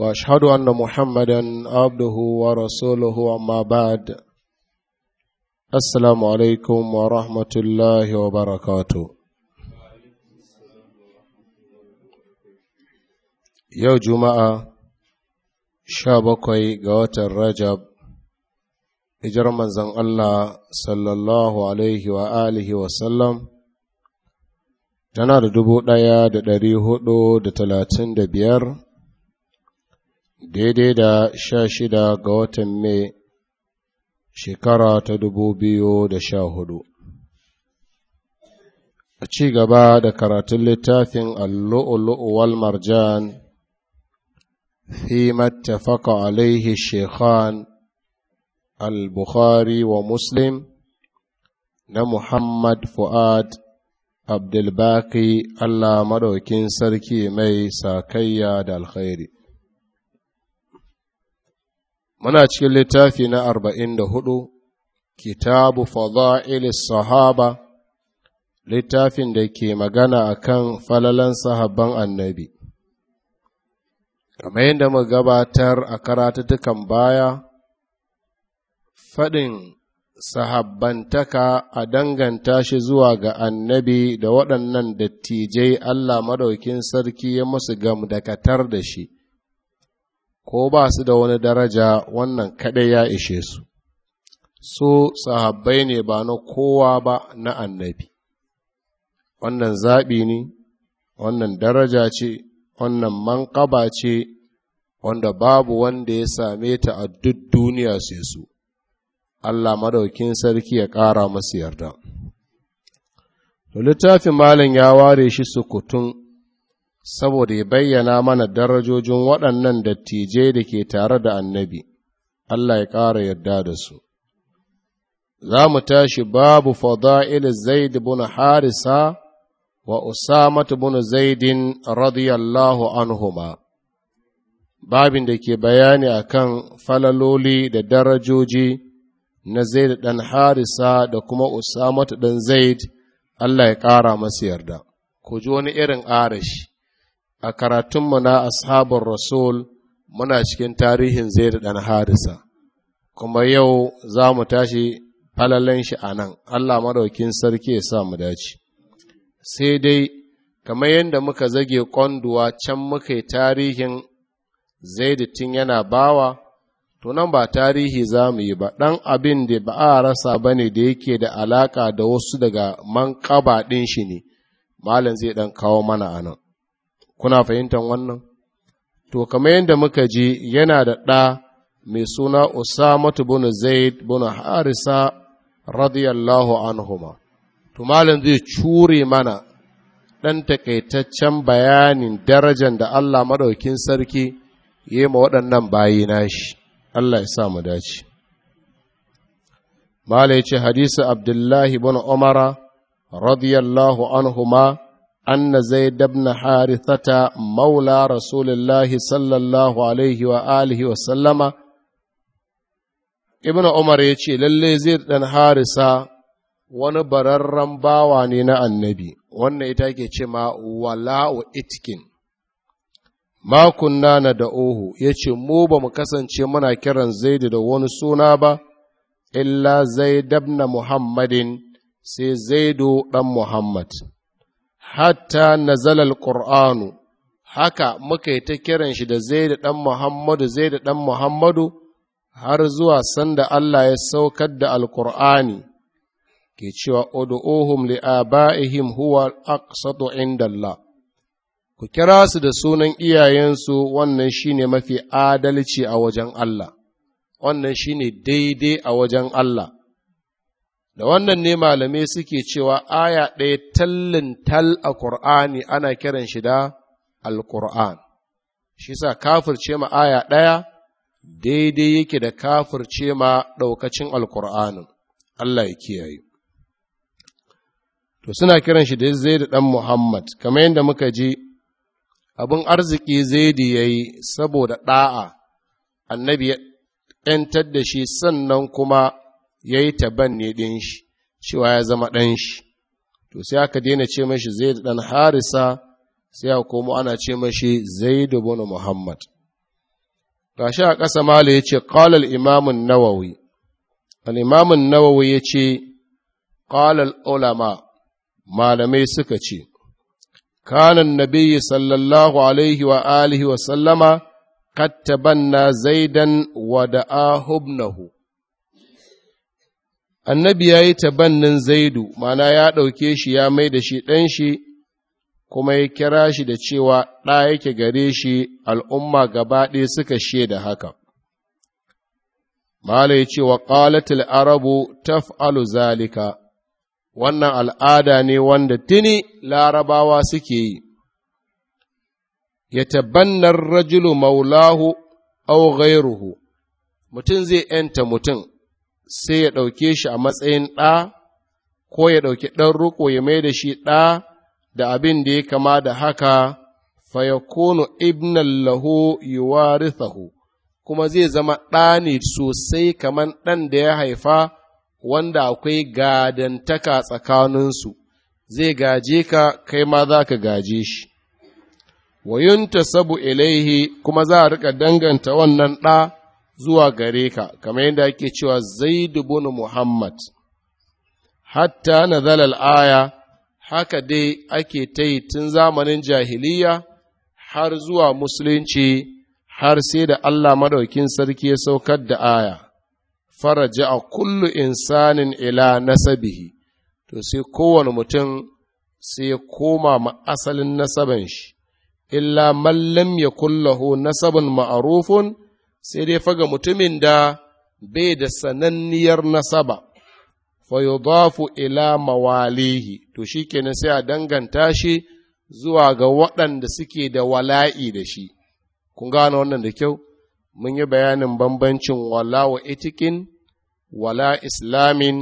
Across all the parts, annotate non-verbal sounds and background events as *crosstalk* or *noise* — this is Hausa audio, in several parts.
واشهد ان محمدا عبده ورسوله اما بعد السلام عليكم ورحمه الله وبركاته yau juma'a sha bakwai ga watan rajab hijar manzon allah sallallahu alaihi wa alihi tana da dubu ɗaya da ɗari hudu da talatin da biyar daidai da sha shida ga watan mai shekara ta dubu biyu da sha hudu a ci gaba da karatun littafin allu'ulu'u wal marjan fi mattafaka alaihi shekhan al-bukhari wa muslim na muhammad fu'ad abdulbaki allah madaukin sarki mai sakayya da alkhairi muna cikin littafi na arba'in da hudu kitabu ilis sahaba littafin da ke magana a kan falalan sahabban annabi kamar yadda mu gabatar a karatutukan baya faɗin sahabbantaka a danganta shi zuwa ga annabi da waɗannan dattijai Allah maɗaukin sarki ya musu gamdakatar da shi ko ba su da wani daraja wannan kadai ya ishe su, su sahabbai ne ba na kowa ba na annabi, wannan zaɓi ne, wannan daraja ce, wannan manƙaba ce, wanda babu wanda ya same ta a duk duniya sai su, Allah madaukin sarki ya ƙara masu yarda. littafin malam ya ware shi sukutun saboda ya bayyana mana darajojin waɗannan dattijai da ke tare da annabi, Allah ya ƙara yarda da su. Za mu tashi babu fada'il Zaid bin Harisa wa Usamat bin Zaidin radiyallahu anhuma. Babin da ke bayani a kan falaloli da darajoji na Zaid ɗan Harisa da kuma Usamat ɗan Zaid, Allah ya ƙara masu yarda. Ku ji wani irin arashi. a karatunmu na ashabar rasul muna cikin tarihin zai dan ɗan harisa kuma yau za mu tashi falalen shi a nan allah maɗaukin sarki ya sa mu dace sai dai kamar yadda muka zage kwanduwa can muka yi tarihin tun yana bawa to nan ba tarihi za mu yi ba ɗan abin da ba a rasa ba ne da yake da alaƙa da wasu daga man ɗin shi ne malam zai ɗan kawo mana a nan kuna fahimtar wannan to kamar yadda muka ji yana da ɗa mai suna usamatu bin zaid bin harisa radiyallahu anhuma to malam zai cure mana ɗan takaitaccen bayanin darajar da Allah maɗaukin sarki yi ma waɗannan bayi nashi Allah ya sa mu dace malai ce hadisi Abdullahi bin Umara radiyallahu anhuma أن زيد بن حارثة مولى رسول الله صلى الله عليه وآله وسلم ابن عمر يتشي للي زيد بن حارثة wani bararren bawa ne na annabi wannan ita ke ce ma wala'u itkin makunna na da ohu ya ce mu ba mu kasance muna kiran zaidu da wani suna ba illa zaidab na muhammadin sai zaidu ɗan muhammad hatta nazalal qur'anu haka muka yi ta kiran shi da zai da ɗan muhammadu zai da ɗan muhammadu har zuwa sanda Allah ya saukar da alkur'ani ke cewa li aba'ihim huwa aqsatu indallah ku kira su da sunan iyayensu wannan shine mafi adalci a wajen Allah wannan shine daidai a wajen Allah da wannan ne malamai suke cewa aya ɗaya tallin tal a ƙur'ani ana kiran shi da alƙur'an shi sa kafirce ma aya ɗaya daidai yake da kafirce ma ɗaukacin alƙur'anin Allah ya kiyaye to suna kiran shi da zai da ɗan muhammad kamar yadda muka ji abin arziki zai da ya yi saboda ɗa'a annabi ya ‘yantar da shi sannan kuma ya yi ne ɗin shi cewa ya zama ɗan shi to sai aka daina ce mashi zai ɗan harisa sai a komo ana ce mashi zai da bono muhammad gashi a ƙasa Malu ya ce ƙalal imamun nawawi al'imamun nawawi ya ce ƙalal ulama malamai suka ce kanan nabi sallallahu alaihi wa alihi wa sallama na zaidan wa da'ahubnahu annabi ya yi tabannin zaidu mana ya ɗauke shi ya mai da shi ɗan shi kuma ya kira shi da cewa ɗa yake gare shi al'umma gaba ɗaya suka shaida haka mala ya ce wa ƙalatul arabu taf'alu zalika wannan al'ada ne wanda tuni larabawa suke yi ya tabannar rajulu maulahu au ghairuhu mutum zai ‘yanta mutum sai ya ɗauke shi a matsayin ɗa ko ya ɗauki ɗan ruko ya mai da shi ɗa da abin da ya kama da haka fayakunu ibnan yuwarithahu kuma zai zama ɗa ne sosai kamar ɗan da ya haifa wanda akwai gadantaka tsakaninsu zai gaje ka kai ma za ka gaje shi wayunta sabu ilaihi kuma za a riƙa danganta wannan ɗa zuwa gare ka kamar yadda ake cewa zaid ibn muhammad hatta na zalal aya haka dai ake ta yi tun zamanin jahiliya har zuwa musulunci har sai da Allah madaukin sarki ya saukar da aya faraja a kullu insanin ila nasabihi to sai kowane mutum sai ya koma ma asalin nasaban shi illa mallam ya kullahu nasabin ma'arufun sai dai faga mutumin da bai da sananniyar nasaba, fayudafu ila mawalihi, to shi kenan sai a danganta shi zuwa ga waɗanda suke da wala'i da shi. Kun gane wannan da kyau? Mun yi bayanin bambancin wala wa itikin, wala islamin,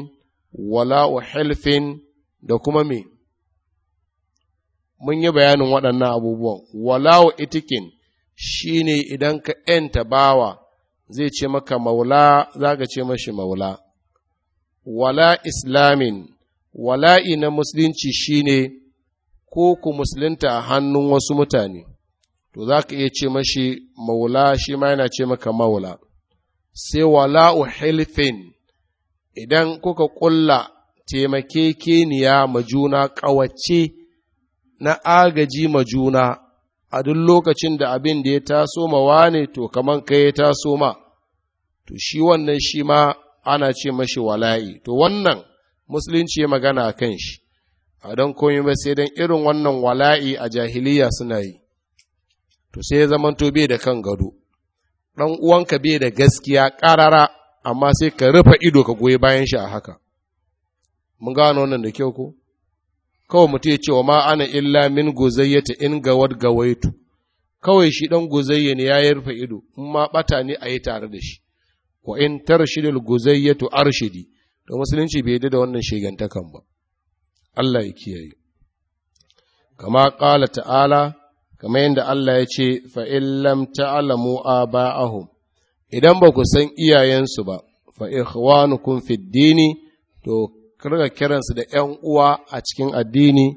wala wa helfin da kuma me. Mun yi bayanin waɗannan abubuwan, wala itikin. shi ne idan ka ‘yanta bawa zai ce maka maula za ka ce mashi maula. Wala islamin, wala'i na musulunci shi ne ko ku musulunta a hannun wasu mutane, to za ka iya ce mashi maula shi ma yana ce maka maula. Sai wala hilfin idan kuka ƙulla taimakekeniya ma juna ƙawace na agaji ma juna a duk lokacin da abin da ya taso ma wane to kaman kai ya taso ma to shi wannan shi ma ana ce mashi wala'i to wannan musulunci ya magana a kan shi a don koyi ba sai don irin wannan wala'i a jahiliya suna yi to sai ya zamanto bai da kan gado ɗan uwanka bai da gaskiya ƙarara amma sai ka rufe ido ka goyi bayan shi a haka mun gano wannan da kyau ko kawai mutum ya ce wa ma ana illa min ta in gawad gawaitu kawai shi ɗan gozayya ne ya rufe ido in ma bata ne a yi tare da shi wa in tarshidul guzayyatu arshidi to musulunci bai da wannan shegantakan ba Allah ya kiyaye kama ƙala ta'ala kama yadda Allah ya ce fa lam ta'lamu aba'ahum idan ba ku san iyayensu ba fa ikhwanukum fid dini to kira kiransu da ‘yan uwa a cikin addini,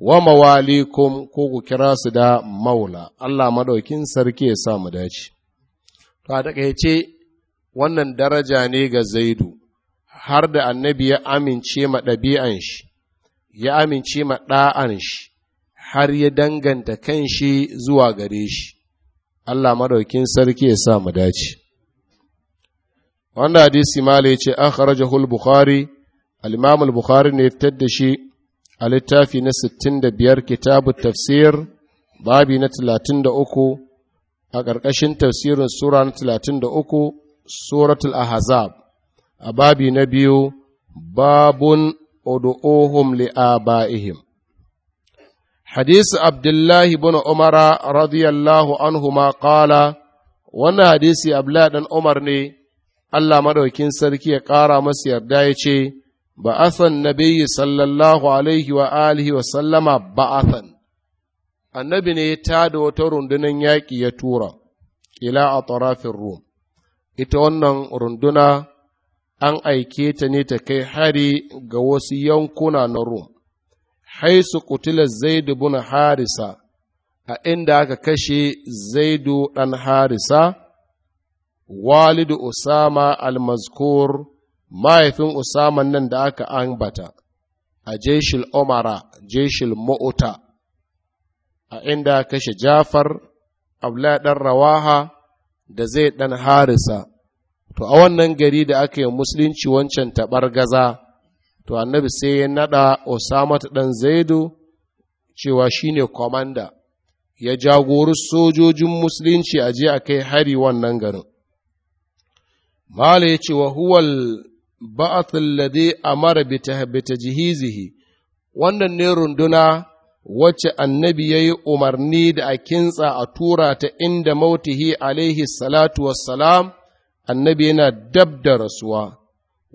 wa mawalikum ko ku kira su da maula, Allah maɗaukin sarki ya sa mu dace. To, a takaice wannan daraja ne ga Zaidu, har da annabi ya amince ma ɗabi'an shi, ya amince ma ɗa'an shi, har ya danganta kan shi zuwa gare shi. Allah maɗaukin sarki ya sa mu dace. Wanda hadisi ce, an Bukhari, al bukhari ne ya da shi a littafi na 65 kitabu tafsir babi 33 a ƙarƙashin tafsirin sura na 33 suratul ahzab a babi na biyu babun odo'ohum li'aba'ihim hadisi abdullahi bin umara radiyallahu anhuma qala wannan hadisi abdullahi dan umar ne Allah madaukin sarki ya ƙara masa yarda ya ce ba'athan nabiyyi sallallahu alaihi wa alihi wa sallama ba'athan annabi ne ya tada wata rundunar yaƙi ya tura ila a tsarafin rum ita wannan runduna an aike ta ne ta kai hari ga wasu yankuna na rum haisu kutila zaidu bin harisa a inda aka kashe zaidu Dan harisa walidu usama al-mazkur mahaifin usaman nan da aka ambata a jeshil umara jeshil ma'uta a inda kashe jafar abla ɗan rawaha da zai ɗan harisa to a wannan gari da aka yi musulunci wancan taɓar gaza to annabi sai ya naɗa ta ɗan zaidu cewa shine komanda ya jagori sojojin musulunci a je a kai hari wannan garin mala ya ce wa huwal ba'ath alladhi amara bi tahbitajihizihi wannan ne runduna wacce annabi yayi umarni da a kintsa a tura ta inda mautihi alaihi salatu wassalam annabi yana dab da rasuwa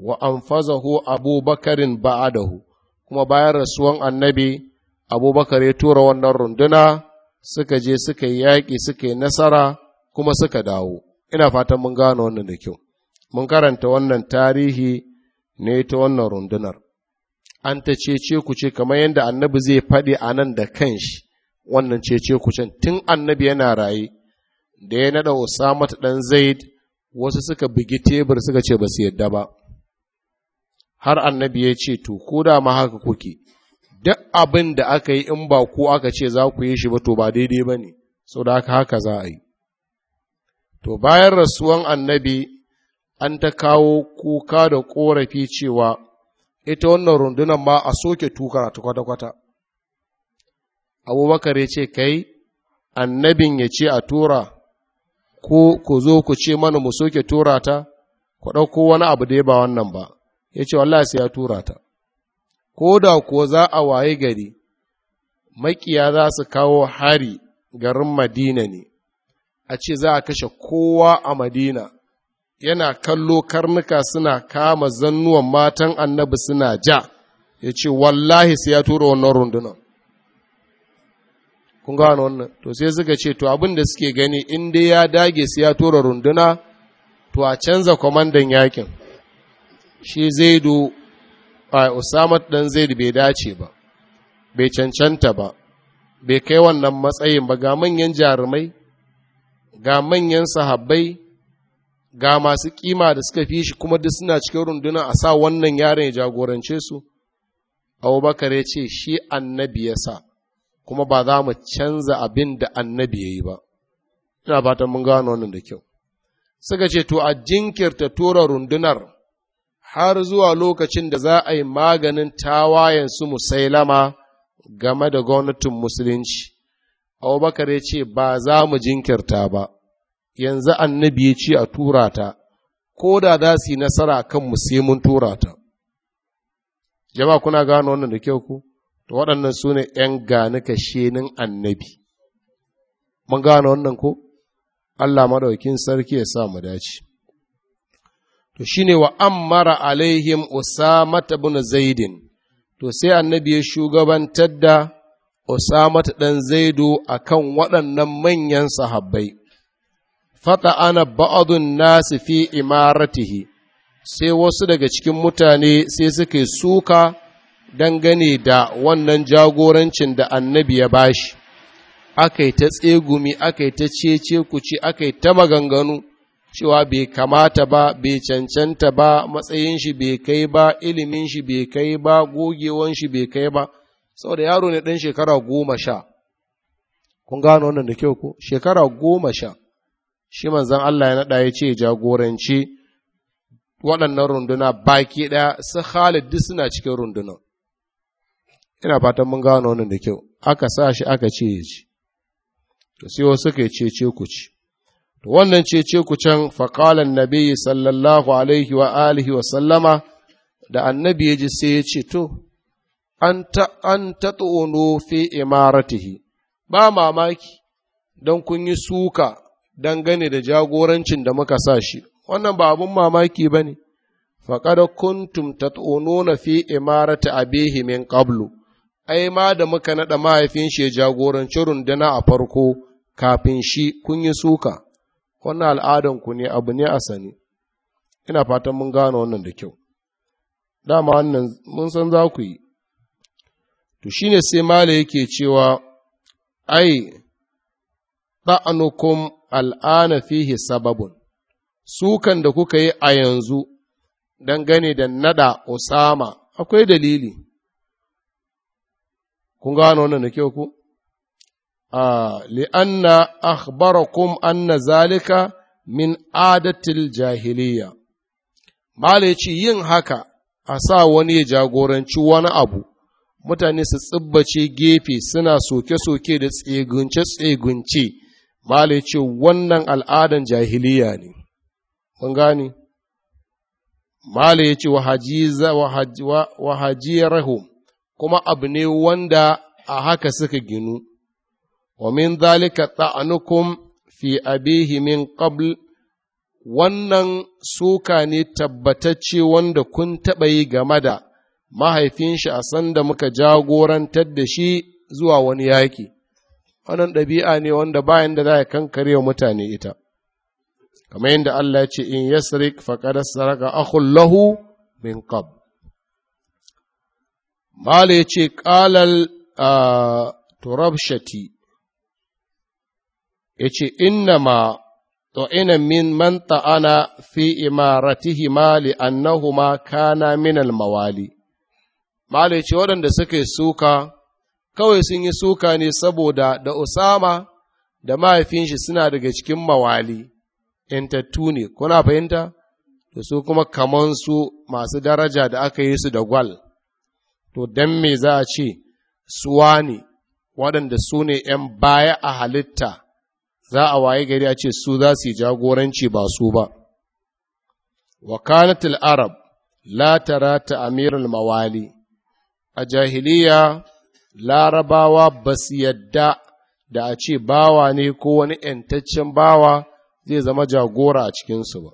wa anfazahu abubakarin ba'adahu kuma bayan rasuwan annabi abubakar ya tura wannan runduna suka je suka yi yaƙi suka yi nasara kuma suka dawo ina fatan mun gano wannan da kyau mun karanta wannan tarihi ne ta wannan rundunar an ta cece ku ce kamar yadda annabi zai faɗi a nan da kanshi wannan cece ku can tun annabi yana raye da ya naɗa Usama ta ɗan Zaid wasu suka bugi tebur suka ce ba su yadda ba har annabi ya ce to ko da ma haka kuke duk abin da aka yi in ba ku aka ce za ku yi shi ba to ba daidai ba ne da haka haka za a yi to bayan rasuwan annabi an ta kawo kuka da korafi cewa ita wannan rundunar ma a soke tukar ta kwata-kwata. Abubakar ya ce, Kai, annabin ya ce a tura, ko ku zo ku ce mana mu soke tura ta, ku ɗauko wani abu da ya ba wannan ba, ya ce, Wallah sai ya tura ta. Ko da kuwa za a waye gari, makiya za su kawo hari garin Madina ne, a ce za a kashe kowa a Madina, yana kallo karnuka suna kama zannuwan matan annabi suna ja ya ce wallahi sai ya tura wannan rundunan kun gano wannan to sai suka ce to abinda suke gani in dai ya dage su ya tura runduna to a canza kwamandan yakin shi zaidu a usama dan zaidu bai dace ba bai cancanta ba bai kai wannan matsayin ba ga manyan jarumai ga manyan sahabbai ga masu kima da suka fi shi kuma duk suna cikin runduna a sa wannan yaron ya jagorance su abubakar ya ce shi annabi ya sa kuma ba za mu canza abin da annabi ya yi ba ina fatan mun gano wannan da kyau suka ce to a jinkirta tura rundunar har zuwa lokacin da za a yi maganin tawayen su musailama game da gwamnatin musulunci abubakar ya ce ba za mu jinkirta ba yanzu annabi ya ce a tura ta ko da za su yi nasara kan sai mun tura ta jama kuna gano wannan da kyau ku to waɗannan su ne ‘yan gani kashenin annabi mun gano wannan ko Allah madaukin sarki ya sa mu dace to shi ne wa ammara alaihim usama ibn zaidin to sai annabi ya shugabantar da Usama ta ɗan zaido a kan waɗannan manyan sahabbai, fata ana ba'adun nasu fi imaratihi sai wasu daga cikin mutane sai suke suka dangane da wannan jagorancin da annabi ya bashi aka yi ta tsegumi aka yi ta cece kuci aka yi ta maganganu cewa bai kamata ba bai cancanta ba matsayin shi bai kai ba ilimin shi bai kai ba gogewan shi bai kai ba saboda yaro ne ɗan shekara goma sha kun gano wannan da kyau ko shekara goma sha shi manzan Allah ya naɗa ya ce jagoranci waɗannan runduna baki ɗaya su Khalid suna cikin runduna. Ina fatan mun gano wannan da kyau, aka sa shi aka ce ya ci, to sai wasu kai ce ku ci. To wannan ce ku can faƙalan nabi sallallahu alaihi wa alihi wa sallama da annabi ya ji sai ya ce to, an ta fi imaratihi, ba mamaki don kun yi suka dangane da jagorancin da muka sa shi, wannan ba abin mamaki ba ne, faƙaɗa kuntum na fi ta abihi min ƙablu, ai ma da muka naɗa mahaifin shi jagoranci runduna a farko kafin shi kun yi suka, wannan al'adanku ne abu ne a sani, ina fatan mun gano wannan da kyau. Dama wannan mun san za ku yi, to shi ne sai Mala yake cewa, ai, ba'anukum al'ana fihi sababun, sukan da kuka yi a yanzu don gane da nada Osama akwai dalili. Kun gano wannan da kyau ku? li'anna akhbarakum anna zalika min adatil jahiliya. Mala yin haka a sa wani ya jagoranci wani abu, mutane su tsibbace gefe suna soke-soke da tsegunce-tsegunce Malai ce wannan al'adan jahiliya ne, kun gani? Mala ya ce wa rahu, kuma abu ne wanda a haka suka ginu, wa min zalika ta'anukum fi abihi min qabl wannan suka ne tabbatacce wanda kun taɓa yi game da mahaifin a sanda muka jagorantar da shi zuwa wani yaƙi. wannan ɗabi'a ne wanda bayan da za a kankare wa mutane ita kamar yadda Allah ya ce in yasrik faqad saraka akhul lahu min qab mala ya ce qalal turabshati ya ce ina min ana fi من من طعن annahu ma kana minal mawali? الموالي ya ce waɗanda suka yi suka kawai sun yi suka ne saboda da Usama da mahaifin shi suna daga cikin mawali, ‘yantattu ne, kuna fahimta? Da su kuma su masu daraja da aka yi su da gwal, to don me za a ce, suwa ne, waɗanda su ne ‘yan baya a halitta, za a waye gari a ce su za su yi jagoranci ba su ba. Wakanatul Arab, la tara ta amirul mawali, a jahiliya larabawa ba su yadda da a ce bawa ne ko wani ‘yantaccen bawa zai zama jagora a cikinsu ba.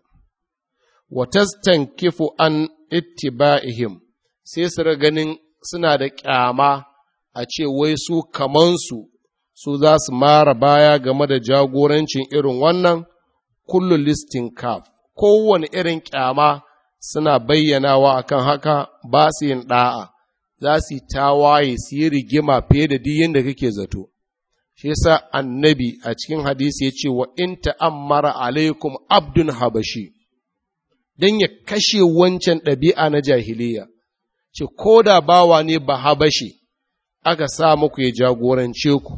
Watastan kifu an ittiba'ihim sai su ganin suna da ƙyama a ce wai su kamansu su za su mara baya game da jagorancin irin wannan kullum listin kaf kowane irin ƙyama suna bayyanawa akan haka ba su yin ɗa'a za su tawaye su yi rigima fiye da duk yadda kake zato shi yasa annabi a cikin hadisi ya ce wa in ta'ammara alaikum abdun habashi Don ya kashe wancan ɗabi'a na jahiliya ce ko da bawa ne ba habashi aka sa muku ya jagorance ku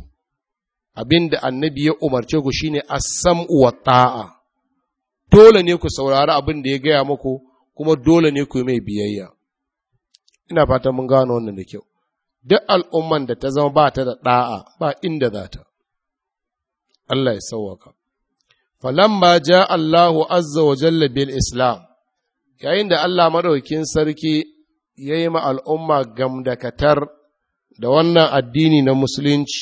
abinda annabi ya umarce ku shine asam wa ta'a dole ne ku saurari abin da ya gaya muku kuma dole ne ku yi mai biyayya ina fatan mun gano wannan da kyau duk al'umman da ta zama ba ta da ɗa'a ba inda za ta Allah ya sauwaka falamma ja Allahu azza wa jalla bil islam yayin da Allah maɗaukin sarki ya yi ma al'umma gamdakatar da wannan addini na musulunci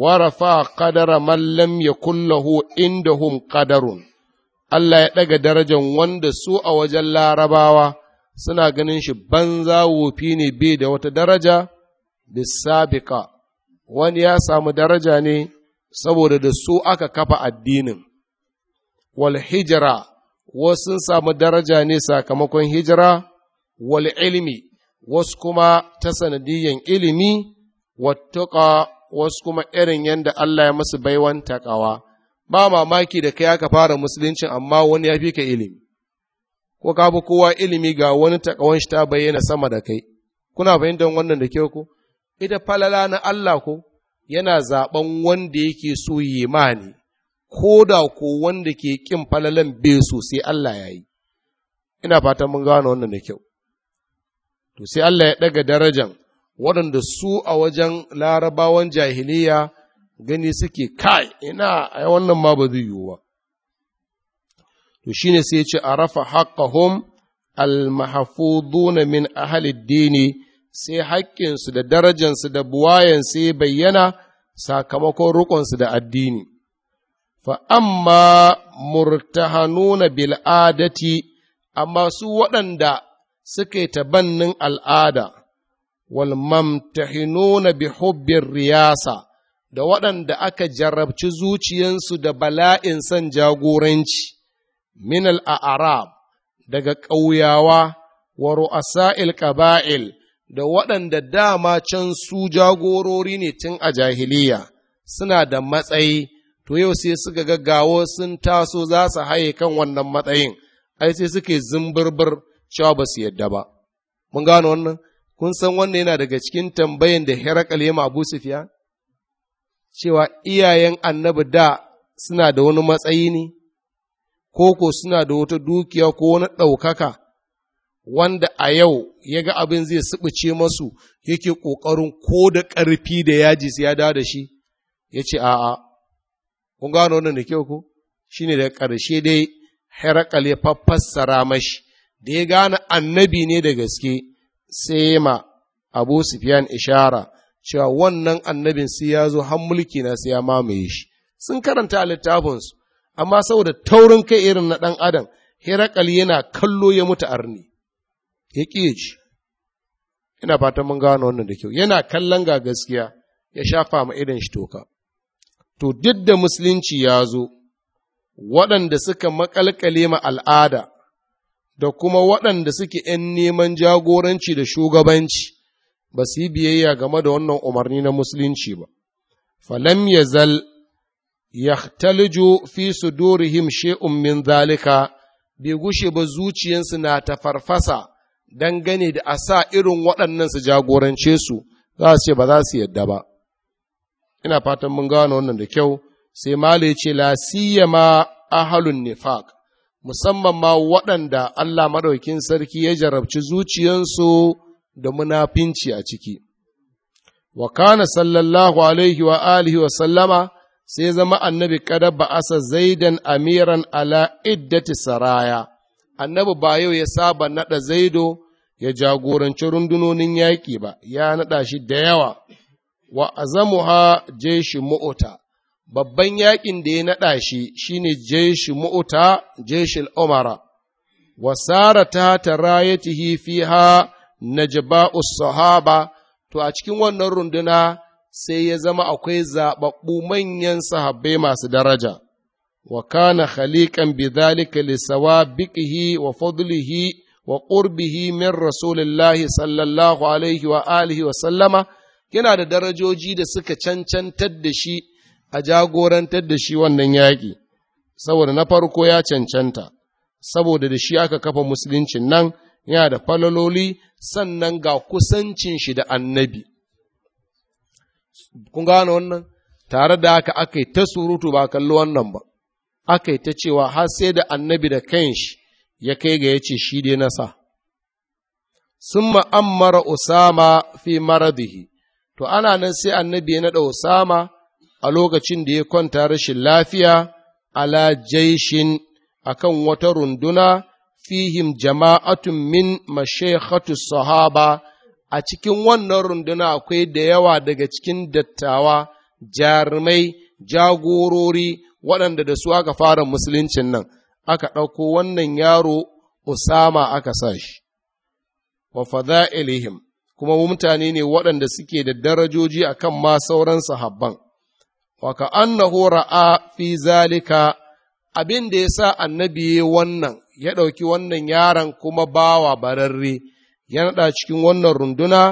warafa qadara man lam yakul lahu indahum qadarun Allah ya ɗaga darajan wanda su a wajen larabawa suna ganin shi banza wofi ne bai da wata daraja bisabiqa wani ya samu daraja ne saboda da su aka kafa addinin wal hijira wasu sun samu daraja ne sakamakon hijira wal ilmi wasu kuma ta sanadiyyan ilimi wattuka wasu kuma irin yadda Allah ya musu baiwan takawa ba mamaki da kai aka fara musuluncin amma wani ya fi ka ilimi ko ka bi kowa ilimi ga wani takawan shi ta bayyana sama da kai kuna fahimtar wannan da kyau ko ita falala na Allah ko yana zaben wanda yake so yi ne, ko da ko wanda ke kin falalan bai so sai Allah ya yi ina fatan mun gano wannan da kyau to sai Allah ya daga darajan waɗanda su a wajen larabawan jahiliya gani suke kai ina ai wannan ma ba zai yiwu ba to shine sai ya ce arafa haqqahum almahfudun min ahli dini sai haƙƙinsu da darajansu da buwayen sai bayyana sakamakon rukunsu da addini fa amma murtahanuna bil adati amma su waɗanda suke tabannin al'ada wal mamtahinuna bi hubbin riyasa da waɗanda aka jarabci zuciyansu da bala'in son jagoranci min al'arab daga ƙauyawa wa ru'asa'il ƙaba'il da waɗanda dama can su jagorori ne tun a jahiliya suna da matsayi to yau sai suka gaggawo sun taso za su haye kan wannan matsayin ai sai suke zimbirbir cewa ba su yadda ba mun gano wannan kun san wannan yana daga cikin tambayan da Herakal ya Abu Sufyan cewa iyayen annabi da suna da wani matsayi ne ko ko suna da wata dukiya ko wani ɗaukaka wanda a yau ya ga abin zai sibice masu yake ƙoƙarin ko da ƙarfi da yaji sai ya da da shi ya ce a'a kun gano wannan da kyau ko ne da ƙarshe dai herakal ya fassara mashi da ya gane annabi ne da gaske sai ma abu sufyan ishara cewa wannan annabin sai ya zo har mulki na sai ya mamaye shi sun karanta littafinsu amma saboda taurin kai irin na ɗan adam herakal yana kallo ya mutu arni ya ƙi ji ina fatan mun gano wannan da kyau yana kallon ga gaskiya ya shafa ma irin shi toka to duk da musulunci ya zo waɗanda suka makalkale ma al'ada da kuma waɗanda suke ‘yan neman jagoranci da shugabanci ba su yi biyayya game da wannan umarni na musulunci ba falam ya zal yahtaliju fi sudurihim shay'un min zalika bai gushe ba zuciyansu na ta farfasa dangane da a sa irin waɗannan su jagorance su za su ce ba za su yadda ba ina fatan mun gano wannan da kyau sai mala ce la siyama ahalun nifaq musamman ma waɗanda Allah maɗaukin sarki ya jarabci zuciyansu da munafinci a ciki wa kana sallallahu alaihi wa alihi wa sallama sai zama annabi kada ba asa zaidan amiran ala iddati saraya annabi ba yau ya saba naɗa zaido ya jagoranci rundunonin yaƙi ba ya naɗa shi da yawa wa azamuha jeshi mu'uta babban yaƙin da ya naɗa shi shine jeshi mu'uta jeshil umara wa sarata tarayatihi fiha najba'us sahaba to a cikin wannan runduna sai ya zama akwai zaɓaɓɓu manyan sahabbai masu daraja, wa kana Bidalika, zalika li biƙihi wa fadlihi wa ƙurbihi min rasulillahi sallallahu alaihi wa alihi wa sallama yana da darajoji da suka cancantar da shi a jagorantar da shi wannan yaƙi, saboda na farko ya cancanta, saboda da shi aka kafa musuluncin nan yana da falaloli sannan ga kusancin shi da annabi. kun gano wannan tare da haka aka yi ta surutu ba kalli wannan ba aka yi ta cewa har sai da annabi da kanshi ya kai ga ya ce shi dai nasa sun ma'ammara usama fi maradihi to ana nan sai annabi ya naɗa usama a lokacin da ya kwanta rashin lafiya ala jaishin akan wata runduna fihim jama'atun min mashaikatu sahaba a cikin wannan runduna akwai da yawa daga cikin dattawa jarumai jagorori waɗanda da su aka fara musuluncin nan aka ɗauko wannan yaro usama aka sa shi wa Ilihim, kuma mutane ne waɗanda suke da darajoji a kan ma sauran sahabban wa ka Hora ra'a fi zalika abin da ya sa annabi wannan ya ɗauki wannan yaron kuma bawa bararre ya naɗa cikin wannan runduna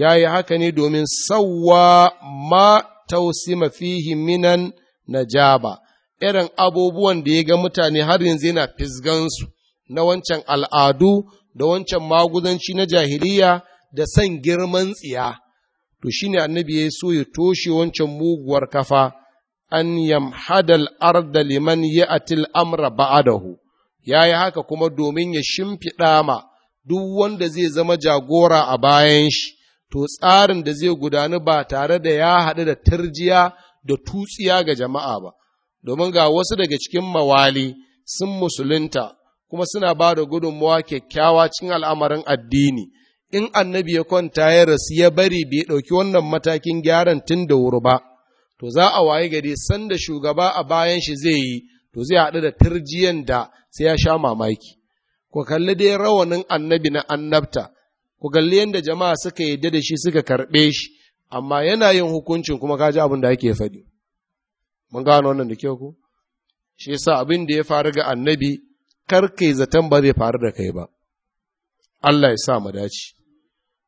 ya yi haka ne domin sauwa ma tausima fihi minan najaba irin abubuwan da ya ga mutane har yanzu yana fisgansu na wancan al'adu da wancan maguzanci na jahiliya da san girman tsiya to shi ne annabi ya so ya toshe wancan muguwar kafa an yamhadal arda liman atil amra ba'adahu ya yi haka kuma domin ya shimfiɗa ma duk wanda zai zama jagora a bayan shi, to tsarin da zai gudanu ba tare da ya haɗu da tarjiya da tutsiya ga jama'a ba, domin ga wasu daga cikin mawali sun musulunta kuma suna ba da gudunmawa kyakkyawa cikin al'amarin addini. In annabi ya kwanta ya rasu ya bari bai ɗauki wannan matakin gyaran tun da wuri ba, to za a waye gari sanda shugaba a bayan shi zai yi, to zai haɗu da tarjiyan da sai ya sha mamaki. ku kalli dai rawanin annabi na annabta, ku kalli yadda jama'a suka yadda da shi suka karɓe shi, amma yana yin hukuncin kuma kaji abin da ake faɗi. Mun gano wannan da kyau ku? Shi yasa abin da ya faru ga annabi, kar kai zaton ba zai faru da kai ba. Allah ya sa mu dace.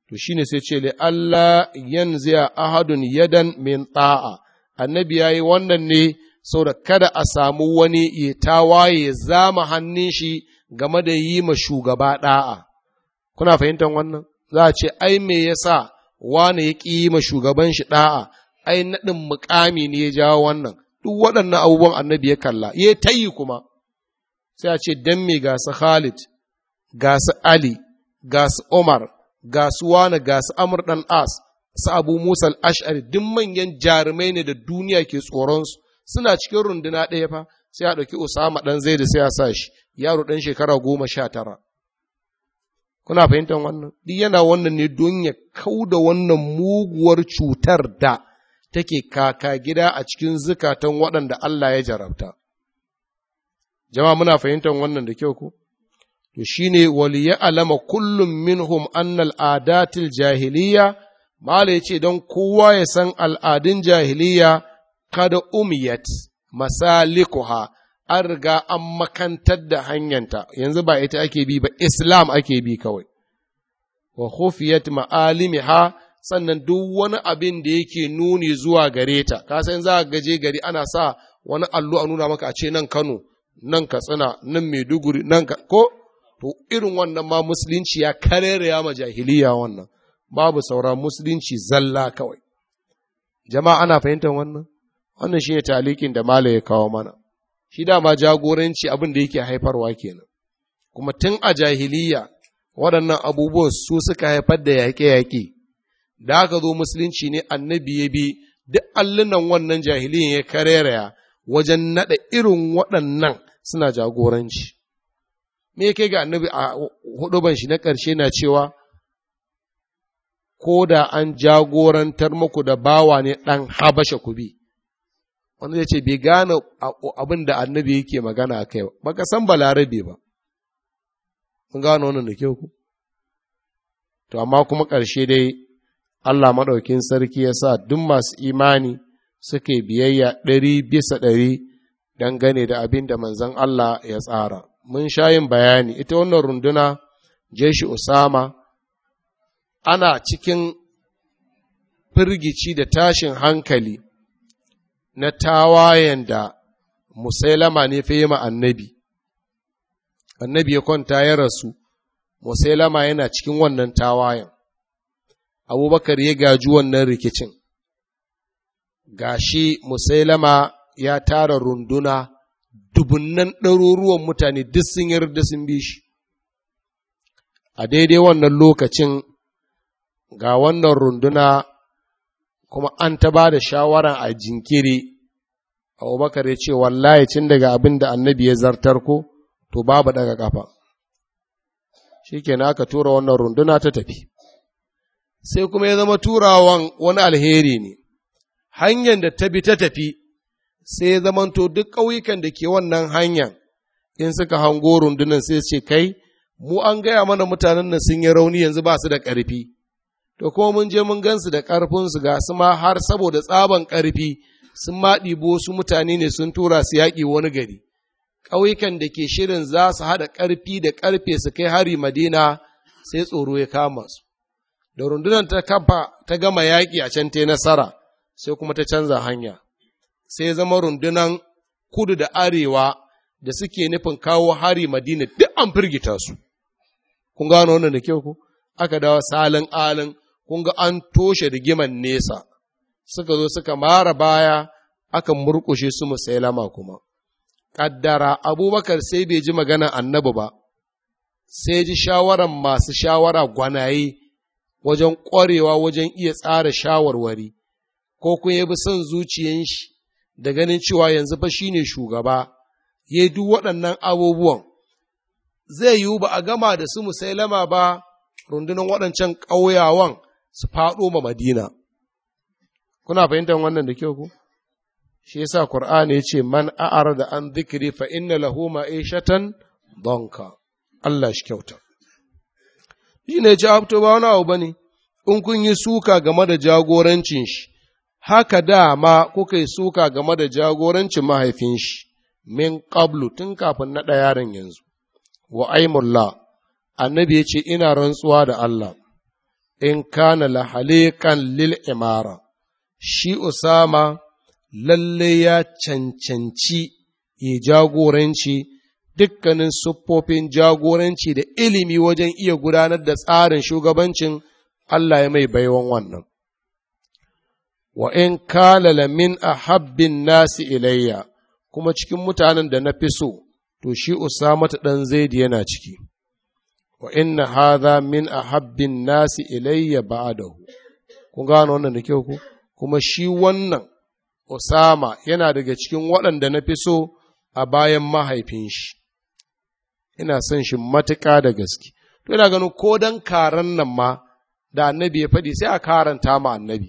To shine sai ce le Allah ya ahadun yadan min ta'a. Annabi yayi wannan ne saboda kada a samu wani ya tawaye zama hannun shi game da yi ma shugaba ɗa'a. Kuna fahimtar wannan? Za a ce, ai me yasa wani ya ƙi yi ma shugaban shi ɗa'a, ai naɗin mukami ne ya jawo wannan, duk waɗannan abubuwan annabi ya kalla, ya tayi kuma. Sai a ce, don me ga su Khalid, ga su Ali, ga su Umar, ga su Wani, ga su Amr ɗan As, su Abu Musa al-Ash'ari, duk manyan jarumai ne da duniya ke tsoron su? suna cikin runduna ɗaya fa, sai a ɗauki Usama ɗan Zaid sai a sa shi, yaro ɗan shekara goma sha tara. Kuna fahimtar wannan? Duk yana wannan ne don ya kau da wannan muguwar cutar da take kaka gida a cikin zukatan waɗanda Allah ya jarabta. Jama muna fahimtar wannan da kyau ko? To shi ne waliya alama kullum minhum annal adatil jahiliya, Mala ya ce don kowa ya san al'adun jahiliya kada umiyat masalikuha an riga an makantar da hanyanta yanzu ba ita ake bi ba islam ake bi kawai wa khufiyat ma'alimiha sannan duk wani abin da yake nuni zuwa gare ta ka san za ka gaje gari ana sa wani allo a nuna maka a ce nan Kano nan Katsina nan Maiduguri nan ko to irin wannan ma musulunci ya karere ma jahiliya wannan babu saura musulunci zalla kawai jama'a ana fahimtar wannan wannan shi ne talikin da mala ya kawo mana shi dama jagoranci abin da yake haifarwa kenan kuma tun a jahiliya waɗannan abubuwan su suka haifar da yaƙe-yaƙe da aka zo musulunci ne annabi ya bi duk allunan wannan jahiliyan ya kareraya wajen naɗa irin waɗannan suna jagoranci me kai ga annabi a huduban shi na ƙarshe na cewa ko da an jagorantar muku da bawa ne ɗan habasha ku bi wanda ya ce bai gane abin da annabi yake magana kai ba baka san balarabe ba mun gano wannan da kyau ku to amma kuma ƙarshe dai Allah maɗaukin sarki ya sa duk masu imani suke biyayya ɗari bisa ɗari dangane da abin da manzon Allah ya tsara mun sha yin bayani ita wannan runduna jeshi Usama ana cikin firgici da tashin hankali na tawayen da musailama ne fi yi annabi annabi ya kwanta ya rasu musailama yana cikin wannan tawayen abubakar ya gaji wannan rikicin gashi musailama ya tara runduna dubunnan ɗaruruwan mutane duk sun yarda sun bi shi a daidai wannan lokacin ga wannan runduna kuma an ta ba da shawara a jinkiri abubakar ya ce wallahi cin daga abin da annabi ya zartar ko to babu daga kafa shi aka tura wannan runduna ta tafi sai kuma ya zama turawan wani alheri ne hanyar da ta bi ta tafi sai ya zamanto duk ƙauyukan da ke wannan hanyar in suka hango rundunan sai ce kai mu an gaya mana mutanen nan sun yi rauni yanzu ba su da ƙarfi to kuma mun je mun gansu da ƙarfinsu ga su ma har saboda tsaban ƙarfi sun ma ɗibo su mutane ne sun tura su yaƙi wani gari ƙauyukan da ke shirin za su haɗa ƙarfi da ƙarfe su kai hari madina sai tsoro ya kama su da rundunar ta kafa ta gama yaƙi a can ta nasara sai kuma ta canza hanya sai zama rundunar kudu da arewa da suke nufin kawo hari madina duk an firgita su kun gano wannan da kyau ko aka dawo salin alin kun ga an toshe rigiman nesa suka zo suka mara baya aka murkushe su musailama kuma Ƙaddara abubakar sai bai ji magana annabi ba sai ji shawaran masu shawara gwanaye wajen ƙwarewa wajen iya tsara shawarwari ko kun ya son zuciyan shi da ganin cewa yanzu fa shine shugaba ya yi duk waɗannan abubuwan zai yiwu ba a gama da su musailama ba rundunar waɗancan ƙauyawan su faɗo ma madina kuna fahimtar wannan da kyau ku shi yasa qur'ani ya ce man a'ara da an zikiri fa inna lahu ma'ishatan donka Allah shi kyauta shi ne ci abto ah, ba wani abu bane in kun yi suka game da jagorancin shi haka dama kuka yi suka game da jagorancin mahaifin shi min qablu tun kafin na yaron yanzu wa aimulla annabi ya ce ina rantsuwa da Allah in kana halikan lil imara shi usama lalle ya cancanci ya jagoranci dukkanin siffofin jagoranci da ilimi wajen iya gudanar da tsarin shugabancin Allah ya mai baiwan wannan. Wa in kana la a habbin nasi ilayya, kuma cikin mutanen da na fi so, to shi Usama ta ɗan zaidi yana ciki. wa inna hadha min ahabbin nasi ilayya ba'dahu kun gano wannan da kyau ku kuma shi wannan Osama yana daga cikin waɗanda na fi so a bayan mahaifin shi ina son shi matuƙa da gaske to ina ganin ko dan karan nan ma da annabi ya faɗi sai a karanta ma annabi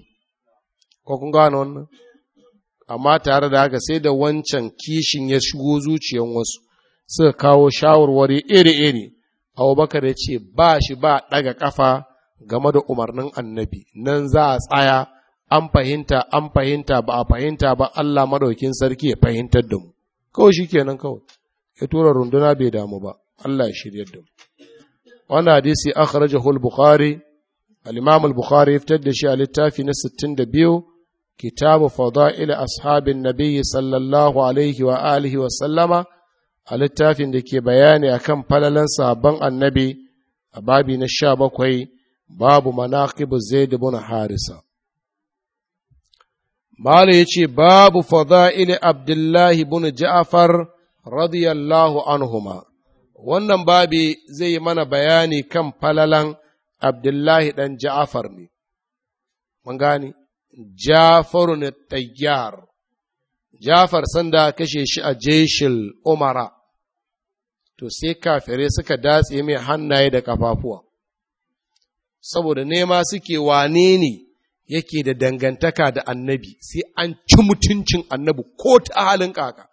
ko kun gano wannan amma tare da haka sai da wancan kishin ya shigo zuciyan wasu suka kawo shawarwari iri-iri bakar ya ce ba shi ba ɗaga ƙafa game da umarnin annabi nan za a tsaya an fahimta an fahimta ba a fahimta ba Allah maɗaukin sarki ya fahimtar da mu kawai shi kenan kawai ya tura runduna bai damu ba Allah ya shiryar da mu Wani hadisi akhrajahu al-bukhari al-imam bukhari ya fitar da shi a littafi na 62 kitabu ila ashabin nabiyyi sallallahu alaihi wa alihi wa sallama a littafin da ke bayani a kan falalan sabon annabi a babi na sha bakwai babu zai dubu na harisa Malu ya ce babu fada'ili Abdullahi bin Ja'far radiyallahu anhuma, wannan babi zai yi mana bayani kan falalan Abdullahi ɗan Ja'far ne, mun gani, Ja'faru ne tayyar, Ja'far sanda kashe shi a jeshil Umara, to sai kafire suka datse mai hannaye da kafafuwa saboda nema suke wane ne yake da dangantaka da annabi sai an ci mutuncin annabi ko ta halin kaka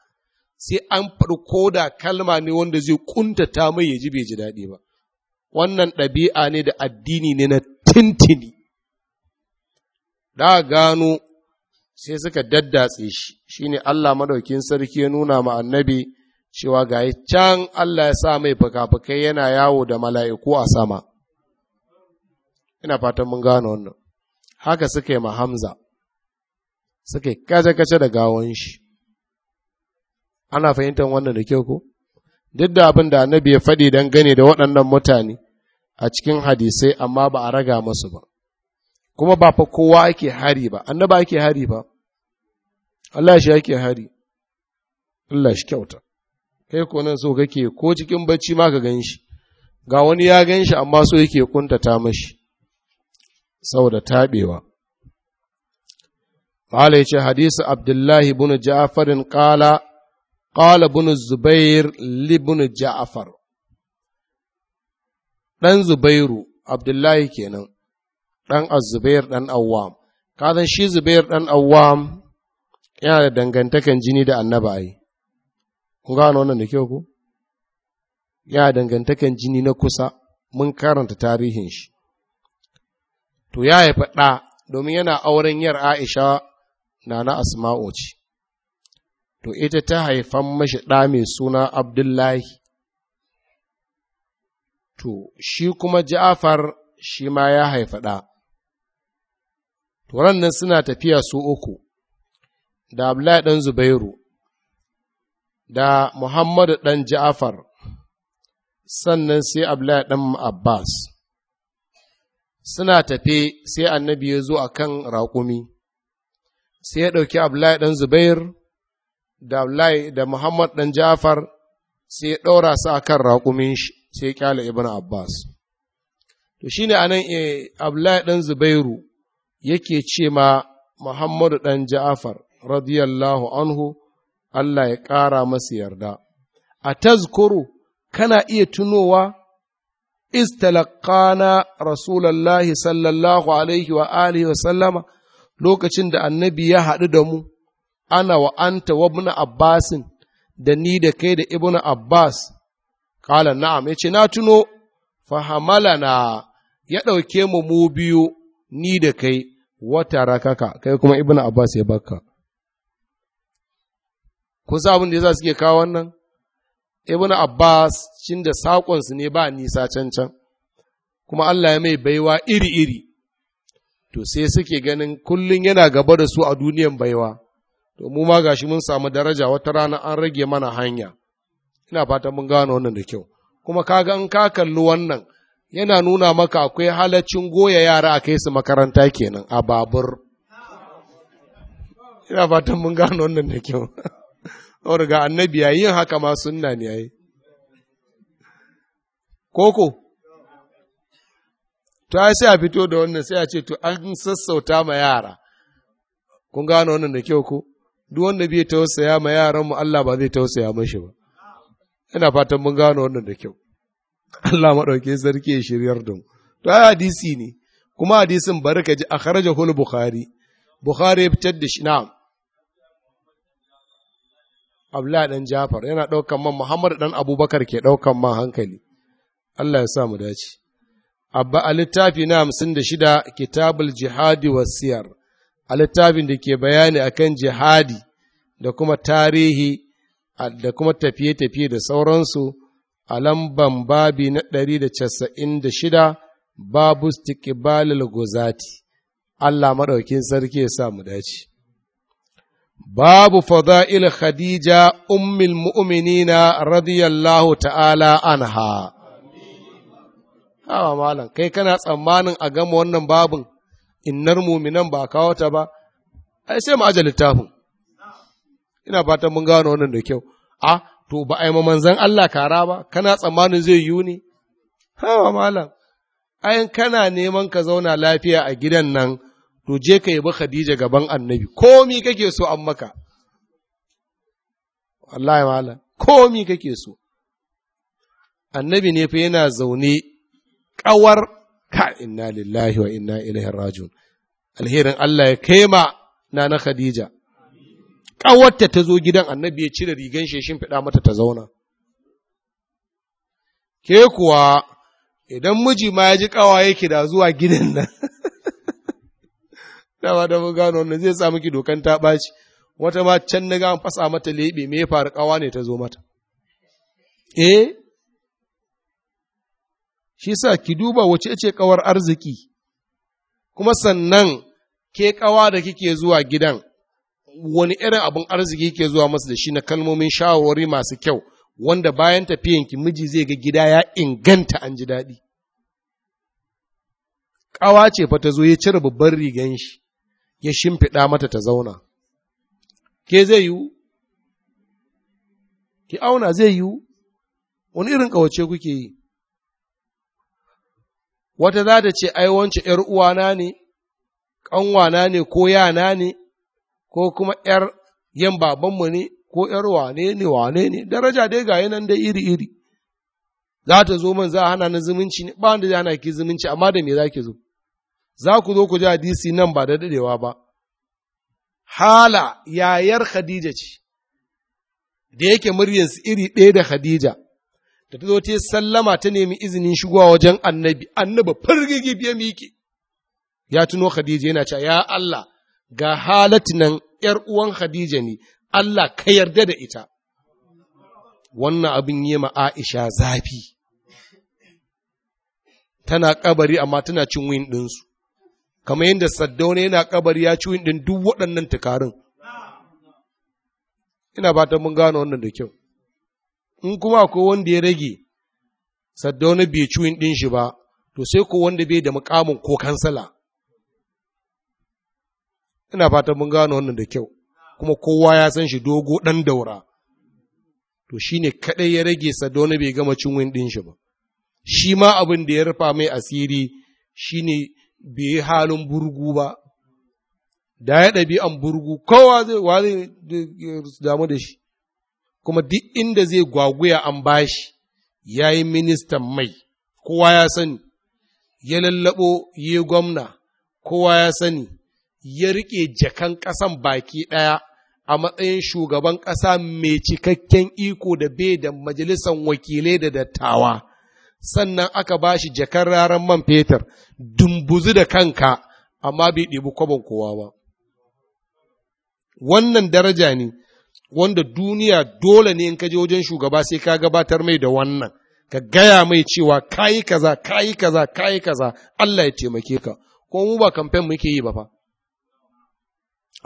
sai an faɗi ko da kalma ne wanda zai kuntata mai ya ji bai ji daɗi ba wannan ɗabi'a ne da addini ne na tintini da gano sai suka daddatse shi shi ne Allah maɗaukin sarki ya nuna ma annabi cewa ga can Allah ya sa mai fuka-fukai yana yawo da mala'iku a sama. Ina fatan mun gano wannan. Haka suke ma Hamza, suke kace-kace da gawon shi. Ana fahimtar wannan da kyau ku. Duk da abin da annabi ya faɗi don gane da waɗannan mutane a cikin hadisai amma ba a raga masu ba. Kuma ba fa kowa ake hari ba, annaba ake hari ba. Allah shi ake hari. Allah shi kyauta. kai ko nan so kake ko cikin bacci ma ka gan shi ga wani ya gan shi amma so yake kuntata mashi saboda taɓewa قال hadisi hadisu Abdullahi bin بن ƙala, ƙala bin Zubair li لبن جعفر ɗan Zubairu, Abdullahi kenan, ɗan Az-Zubair ɗan Awwam, kazan shi Zubair ɗan Awwam yana da dangantakan jini da annaba ai, Ku gano wannan da kyau ku? Ya dangantakan jini na kusa mun karanta tarihin shi. To ya haifa ɗa domin yana auren yar Aisha na na Asma'u ce. To ita ta haifan mashi ɗa mai suna Abdullahi. To shi kuma Ja'afar shi ma ya haifa ɗa. To nan suna tafiya su uku, da Abdullahi ɗan Zubairu da Muhammadu ɗan Ja'afar, sannan sai abla ɗan Abbas. Suna tafe sai annabi ya zo a kan raƙumi, sai ya ɗauki Abdullahi ɗan Zubair da Abla da Muhammad ɗan Ja'afar sai ya ɗaura su a kan raƙumin sai ya ƙyale Ibn Abbas. To shi ne a nan eh, ɗan Zubairu yake ce ma Muhammadu ɗan Ja'afar radiyallahu anhu Allah ya ƙara masa yarda. A tazkuru kana iya tunowa, istalakana Rasulallah sallallahu alaihi wa alihi wa sallama lokacin da annabi ya haɗu da mu, ana wa anta wa ibn Abbasin da ni da kai da ibn Abbas, ƙala na'am, ya ce, Na tuno, fahamalana ya ɗauke mu mu biyu ni da kai, wata rakaka, kai kuma ibn Abbas ya bakka. kun sa abin da yasa suke kawo wannan ibn abbas cin da saƙonsu ne ba nisa can can kuma allah ya mai baiwa iri iri to sai suke ganin kullum yana gaba da su a duniyan baiwa to mu ma gashi mun samu daraja wata rana an rage mana hanya ina fatan mun gano wannan da kyau kuma kaga in ka kalli wannan yana nuna maka akwai halaccin goya yara a kai su makaranta kenan a babur ina fatan mun gano wannan da kyau *laughs* Saboda ga annabi ya yin haka ma sunna ne yayi. Koko, to ai sai a fito da wannan sai a ce to an sassauta ma yara. Kun gano wannan da kyau ko? Duk wanda bai tausaya ma yaran mu Allah ba zai tausaya mashi ba. Ina fatan mun gano wannan da kyau. Allah maɗauke sarki ya shiryar da mu. To ai hadisi ne, kuma hadisin bari ka ji a kharaja hul Bukhari. Bukhari ya fitar da shi na'am. abdullahi dan jafar yana ɗaukan man muhammad dan abubakar ke ɗaukan man hankali allah ya sa mu dace abba a littafi na hamsin da shida kitabul jihadi wa siyar a littafin da ke bayani akan jihadi da kuma tarihi da kuma tafiye-tafiye da sauransu a lamban babi na ɗari da casa'in da shida babu stikibalil gozati Allah maɗaukin sarki ya sa mu dace. babu fada'il khadija ummil mu'minina radiyallahu ta'ala anha hawa malam kai kana tsammanin a gama wannan babun? innar muminan ba kawo ta ba ai sai mu aje littafin ina fatan mun gano wannan da kyau a to ba ai manzan Allah kara ba kana tsammanin zai yiwu ne hawa malam ayin kana neman ka zauna lafiya a gidan nan to je ka yabi Khadija gaban annabi komi kake so an maka wallahi malam komi kake so annabi ne fa yana zaune kawar ka inna lillahi wa inna ilaihi rajiun alherin Allah ya kaima na na Khadija kawarta ta zo gidan annabi ya cire rigan shi shimfiɗa mata ta zauna ke kuwa idan miji ma ya ji kawa yake da zuwa gidan nan *laughs* dama da mun gano wannan zai sa miki dokan ta ɓaci wata ma can na an fasa mata leɓe me ya faru kawa ne ta zo mata eh shi sa ki duba wace ce kawar arziki kuma sannan ke kawa da kike zuwa gidan wani irin abin arziki ke zuwa masu da shi na kalmomin shawarwari masu kyau wanda bayan tafiyan ki miji zai ga gida ya inganta an ji daɗi. Ƙawa ce fa ta zo ya cire babban rigan shi, ya shimfiɗa mata ta zauna. Ke zai yiwu? Ki auna zai yiwu? Wani irin ƙawace kuke yi? Wata za ta ce, ai, wance ’yar uwana ne, ƙanwana ne, ko yana ne, ko kuma ’yar yan babanmu ne, ko ’yar wane ne, wane ne, daraja dai ga nan dai iri-iri. Za ta zo man za a hana na zumunci ne, ba wanda zai hana ki zumunci, amma da me za ki zo? za ku zo ku ji hadisi nan ba da daɗewa ba hala yayar khadija ce da yake muryarsu iri ɗaya da khadija da ta zo ta sallama ta nemi izinin shigowa wajen annabi annabi firgigi biye miki ya tuno khadija yana cewa ya Allah ga halatu nan ‘yar uwan khadija ne Allah ka yarda da ita wannan abin yi ma Aisha zafi tana kabari amma tana cin win ɗinsu kamar yadda saddaune yana kabari ya ci ɗin duk waɗannan tukarin ina fatan mun gano wannan da kyau in kuma akwai wanda ya rage saddaune bai wani ɗin shi ba to sai ko wanda bai da mukamin ko kansala ina fatan mun gano wannan da kyau kuma kowa ya san shi dogo ɗan daura to shi ne kaɗai ya rage sadona bai gama cin ɗin shi ba shi ma abin da ya rufa mai asiri shi ne bai yi halin burgu ba da ya ɗabi'an burgu kowa zai wa zai damu da shi kuma duk inda zai gwaguya an bashi ya yi ministan mai kowa ya sani ya lallaɓo ya gwamna kowa ya sani ya riƙe jakan ƙasan baki ɗaya a matsayin shugaban ƙasa mai cikakken iko da bai da majalisar wakilai da dattawa sannan aka ba shi jakar raran man fetur dumbuzu da kanka amma bai ɗebi kwabon kowa ba wannan daraja ne wanda duniya dole ne in ka je wajen shugaba sai ka gabatar mai da wannan ka gaya mai cewa kayi kaza kayi kaza kayi kaza Allah ya taimake ka ko mu ba kamfen muke yi ba fa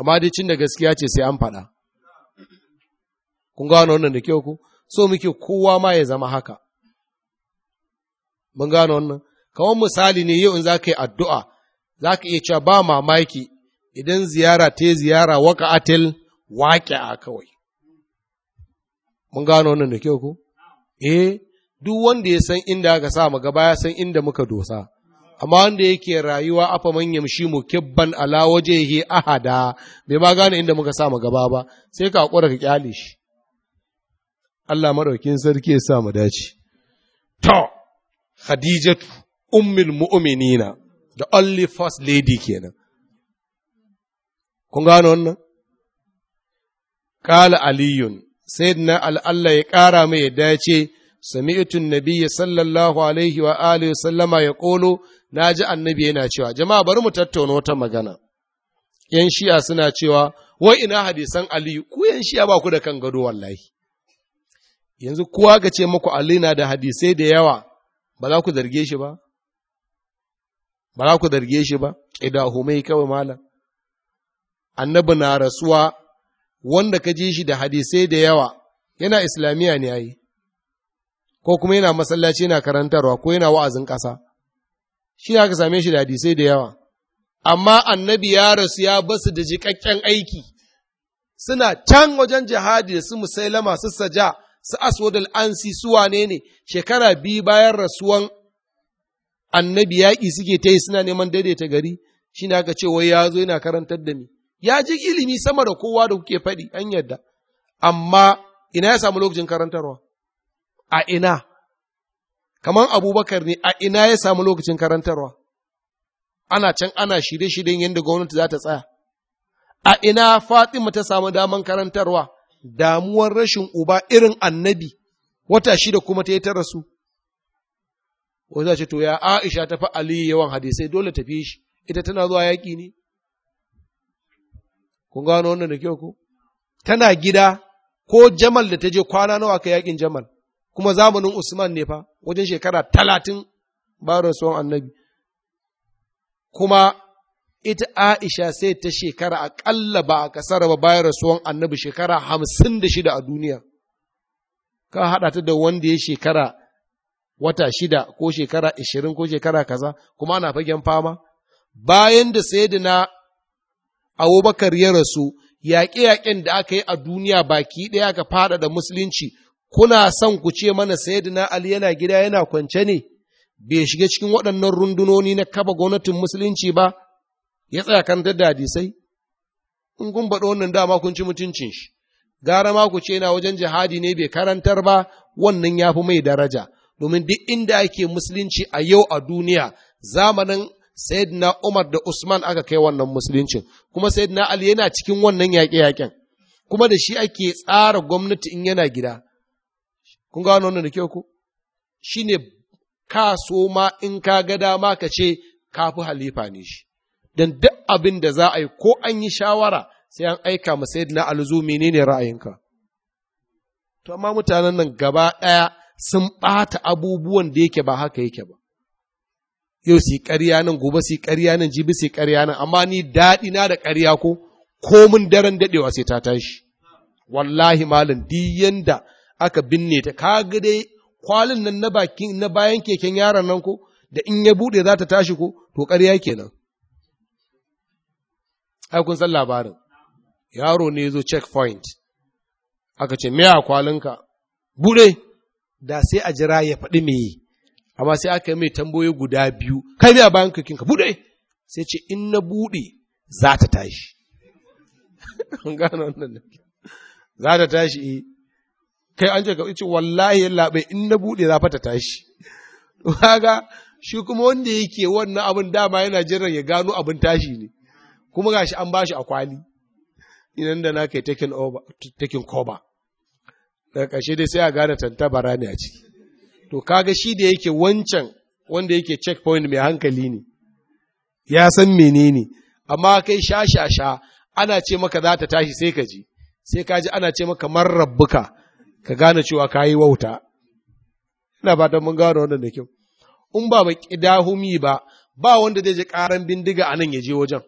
amma dai cin da gaskiya ce sai an faɗa kun gano wannan da kyau ku so muke kowa ma ya zama haka mun gano wannan kawai misali ne yau in za ka yi addu'a za ka iya cewa ba mamaki idan ziyara ta yi ziyara waka atil waƙe a kawai mun gano wannan da kyau ko eh duk wanda ya san inda aka sa mu gaba ya san inda muka dosa amma wanda yake rayuwa afa shi mu kibban ala wajhihi ahada bai ma gane inda muka sa mu gaba ba sai ka hakura ka kyale shi Allah madaukin sarki ya sa mu dace to Khadijatu ummul mu'minina the only first lady kenan kun gano wannan qala aliyun sayyidina Allah ya ƙara mai yadda ya ce sami'tun nabiyyi sallallahu alaihi wa alihi sallama ya kolo ji annabi yana cewa jama'a bari mu tattauna wata magana yan shi'a suna cewa wai ina hadisan aliyu ku yan shi'a ba ku da kan gado wallahi yanzu kowa ga ce muku ali na da hadisai da yawa ba za ku zarge shi ba ba za ku zarge shi ba kawai malam annabi na rasuwa wanda ka ji shi da hadisai da yawa yana islamiyya ne yayi ko kuma yana masallaci yana karantarwa ko yana wa'azin ƙasa shi ya ka same shi da hadisai da yawa amma annabi ya rasu ya basu da jikakken aiki suna can wajen jihadi da su musailama su saja su aswad al'ansi su wane ne shekara biyu bayan rasuwan annabi yaƙi suke ta yi suna neman daidaita gari shi ne aka ce wai ya zo yana karantar da ni ya ji ilimi sama da kowa da kuke faɗi an yadda amma ina ya samu lokacin karantarwa a ina kamar abubakar ne a ina ya samu lokacin karantarwa ana can ana shirye-shiryen yadda gwamnati za ta tsaya a ina fatima ta samu daman karantarwa damuwar rashin uba irin annabi wata shida kuma ta yi ta rasu Wani za ce to ya Aisha ta fi Aliyu yawan hadisai dole tafi shi ita tana zuwa yaƙi ne kun gano wannan da kyau ko tana gida ko Jamal da ta je kwana nawa ka yaƙin Jamal kuma zamanin Usman ne fa wajen shekara talatin Ba rasuwan annabi kuma ita Aisha sai ta shekara aƙalla ba a kasar ba bayan rasuwan annabi shekara hamsin da shida a duniya. Ka haɗa ta da wanda ya shekara wata shida ko shekara ishirin ko shekara kaza kuma ana fagen fama. Bayan da na Abubakar ya rasu, yaƙe-yaƙen da aka yi a duniya baki ɗaya ka faɗa da musulunci, kuna son ku ce mana na Ali yana gida yana kwance ne, bai shiga cikin waɗannan rundunoni na kaba gwamnatin musulunci ba, ya tsaya kan da sai in kun baɗo wannan dama kun ci mutuncin shi gara ma ku ce na wajen jihadi ne bai karantar ba wannan ya fi mai daraja domin duk inda ake musulunci a yau a duniya zamanin sayyidina Umar da Usman aka kai wannan musuluncin kuma sayyidina Ali yana cikin wannan yaƙe-yaƙen kuma da shi ake tsara gwamnati in yana gida kun ga wannan da kyau ku shine ka so ma in ka ga dama ka ce kafi halifa ne shi don duk abin da za a yi ko an yi shawara sai an aika ma na alzu menene ra'ayinka to amma mutanen nan gaba ɗaya sun ɓata abubuwan da yake ba haka yake ba yau si ƙarya nan gobe si ƙarya nan jibi si ƙarya nan amma ni daɗi na da ƙarya ko komin daren daɗewa sai ta tashi wallahi malam di yanda aka binne ta kaga dai kwalin nan na bakin na bayan keken yaron nan ko da in ya buɗe za ta tashi ko to ƙarya kenan ai kun san labarin yaro ne ya zo checkpoint aka ce me a kwalinka bude da sai a jira ya faɗi me yi amma sai aka yi mai tambayoyi guda biyu kai me a bayan kakinka bude sai ce in na bude za ta tashi an *laughs* gano wannan da za ta tashi eh kai an ce ka ce wallahi ya labe in na bude za fa ta tashi *laughs* kaga shi kuma wanda yake wannan abin dama yana jiran ya gano abin tashi ne kuma gashi an bashi a kwali idan da na kai takin koba daga ƙarshe dai sai a gane tantabara ne a ciki to kaga shi da yake wancan wanda yake checkpoint mai hankali ne ya san menene amma kai sha sha sha ana ce maka za ta tashi sai ka ji sai ka ji ana ce maka man rabbuka ka gane cewa ka yi wauta ina fatan mun gano wannan da kyau in ba ba ƙidahumi ba ba wanda zai ji karan bindiga a nan ya je wajen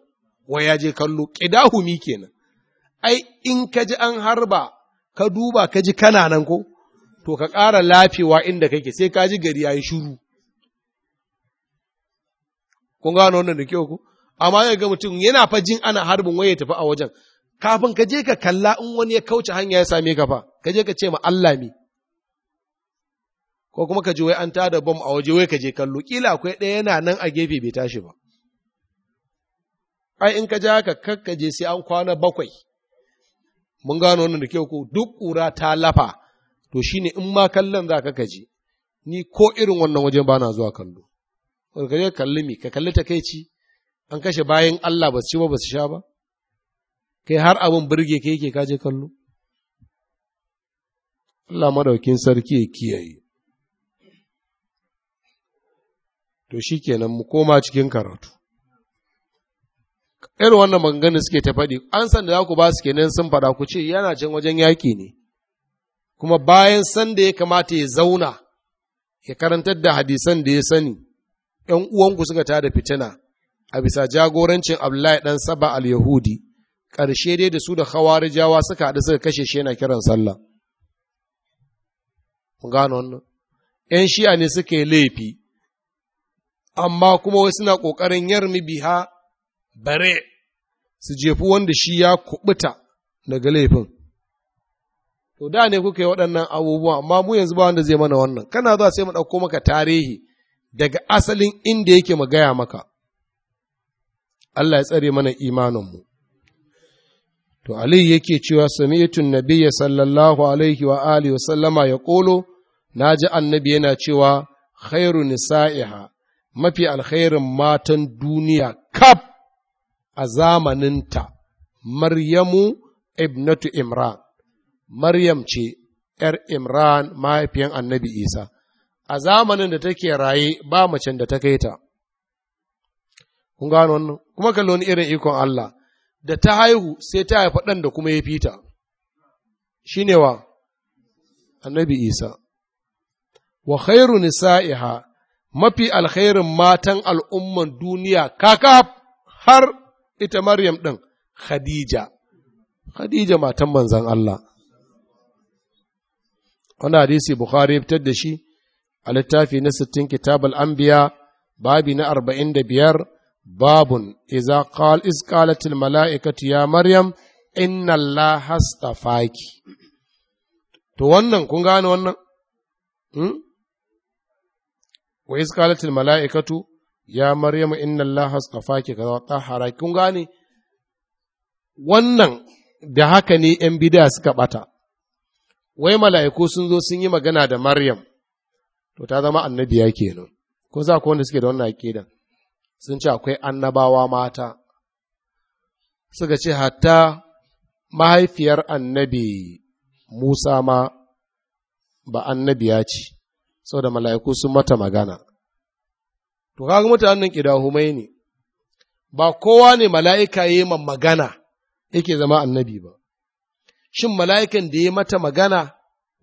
wai ya je kallo ƙidahumi kenan ai in ka ji an harba ka duba ka ji kana nan ko to ka ƙara lafewa inda kake sai ka ji gari ya yi shuru kun gano wannan da kyau ku amma ya ga mutum yana fa jin ana harbin waye tafi a wajen kafin ka je ka kalla in wani ya kauce hanya ya same ka fa ka je ka ce ma Allah me ko kuma ka ji wai an tada bom a waje wai ka je kallo kila akwai ɗaya yana nan a gefe bai tashi ba ai in ka ja haka kakkaje sai an kwana bakwai mun gano wannan da kyau ko duk kura ta lafa to shine in ma kallon za ka kaje ni ko irin wannan wajen ba na zuwa kallo ka kalli mi ka kalli ta ci an kashe bayan Allah ba su ci ba ba su sha ba kai har abin burge ka yake je kallo Allah madaukin sarki ya kiyaye to kenan mu koma cikin karatu irin wannan maganganu suke ta faɗi an san da za ku ba su kenan sun faɗa ku ce yana can wajen yaƙi ne kuma bayan san da ya kamata ya zauna ya karantar da hadisan da ya sani ‘yan uwanku suka tada fitina a bisa jagorancin Abdullahi ɗan Saba al-Yahudi ƙarshe dai da su da Khawarijawa suka haɗu suka kashe shi yana kiran sallah gano wannan ‘yan shi'a ne suka yi laifi amma kuma wai suna ƙoƙarin yarmi biha bare su jefi wanda shi ya kubuta daga laifin. To da ne kuka yi waɗannan abubuwa, amma mu yanzu ba wanda zai mana wannan, kana zuwa sai mu ɗauko maka tarihi daga asalin inda yake mu gaya maka. Allah ya tsare mana imaninmu. To Ali yake cewa sami'tun nabiyya sallallahu alaihi wa alihi wa sallama ya kolo, na ji annabi yana cewa khairu nisa'iha mafi alkhairin matan duniya kaf a zamaninta, Maryamu ibnatu Imran, Maryam ce ’yar Imran mahaifiyan annabi Isa, a zamanin da take raye ba macen da ta kai ta. Kun kuma kalli wani irin ikon Allah, da ta haihu sai ta haifa ɗan da kuma ya fita, shi wa annabi Isa. Wa khairu nisa'iha mafi alkhairin matan al'umman duniya kakaf har ita Maryam ɗin Khadija, Khadija matan manzan Allah. Wani hadisi Bukhari fitar da shi a littafi na sittin kitab al'ambiya, babi na arba'in da biyar, babun, iza qal iskalatil mala'ikatu ya Maryam, inna Allah faki To wannan, kun gane wannan? Hmm? Wa iskalatil mala'ikatu ya maryamu inna allaha astafaki kaza tahara kun gane wannan da haka ne ‘yan bida suka bata wai mala'iku sun zo sun yi magana da Maryam, to ta zama annabiya kenan, ko za ku wanda suke da wannan aqidan sun ce akwai annabawa mata, suka ce hatta mahaifiyar annabi Musa ma ba annabiya ce, saboda mala'iku sun mata magana. to kaga mutanen kidahumai ne, ba kowa ne mala'ika ya yi magana yake zama annabi ba, shin mala'ikan da ya mata magana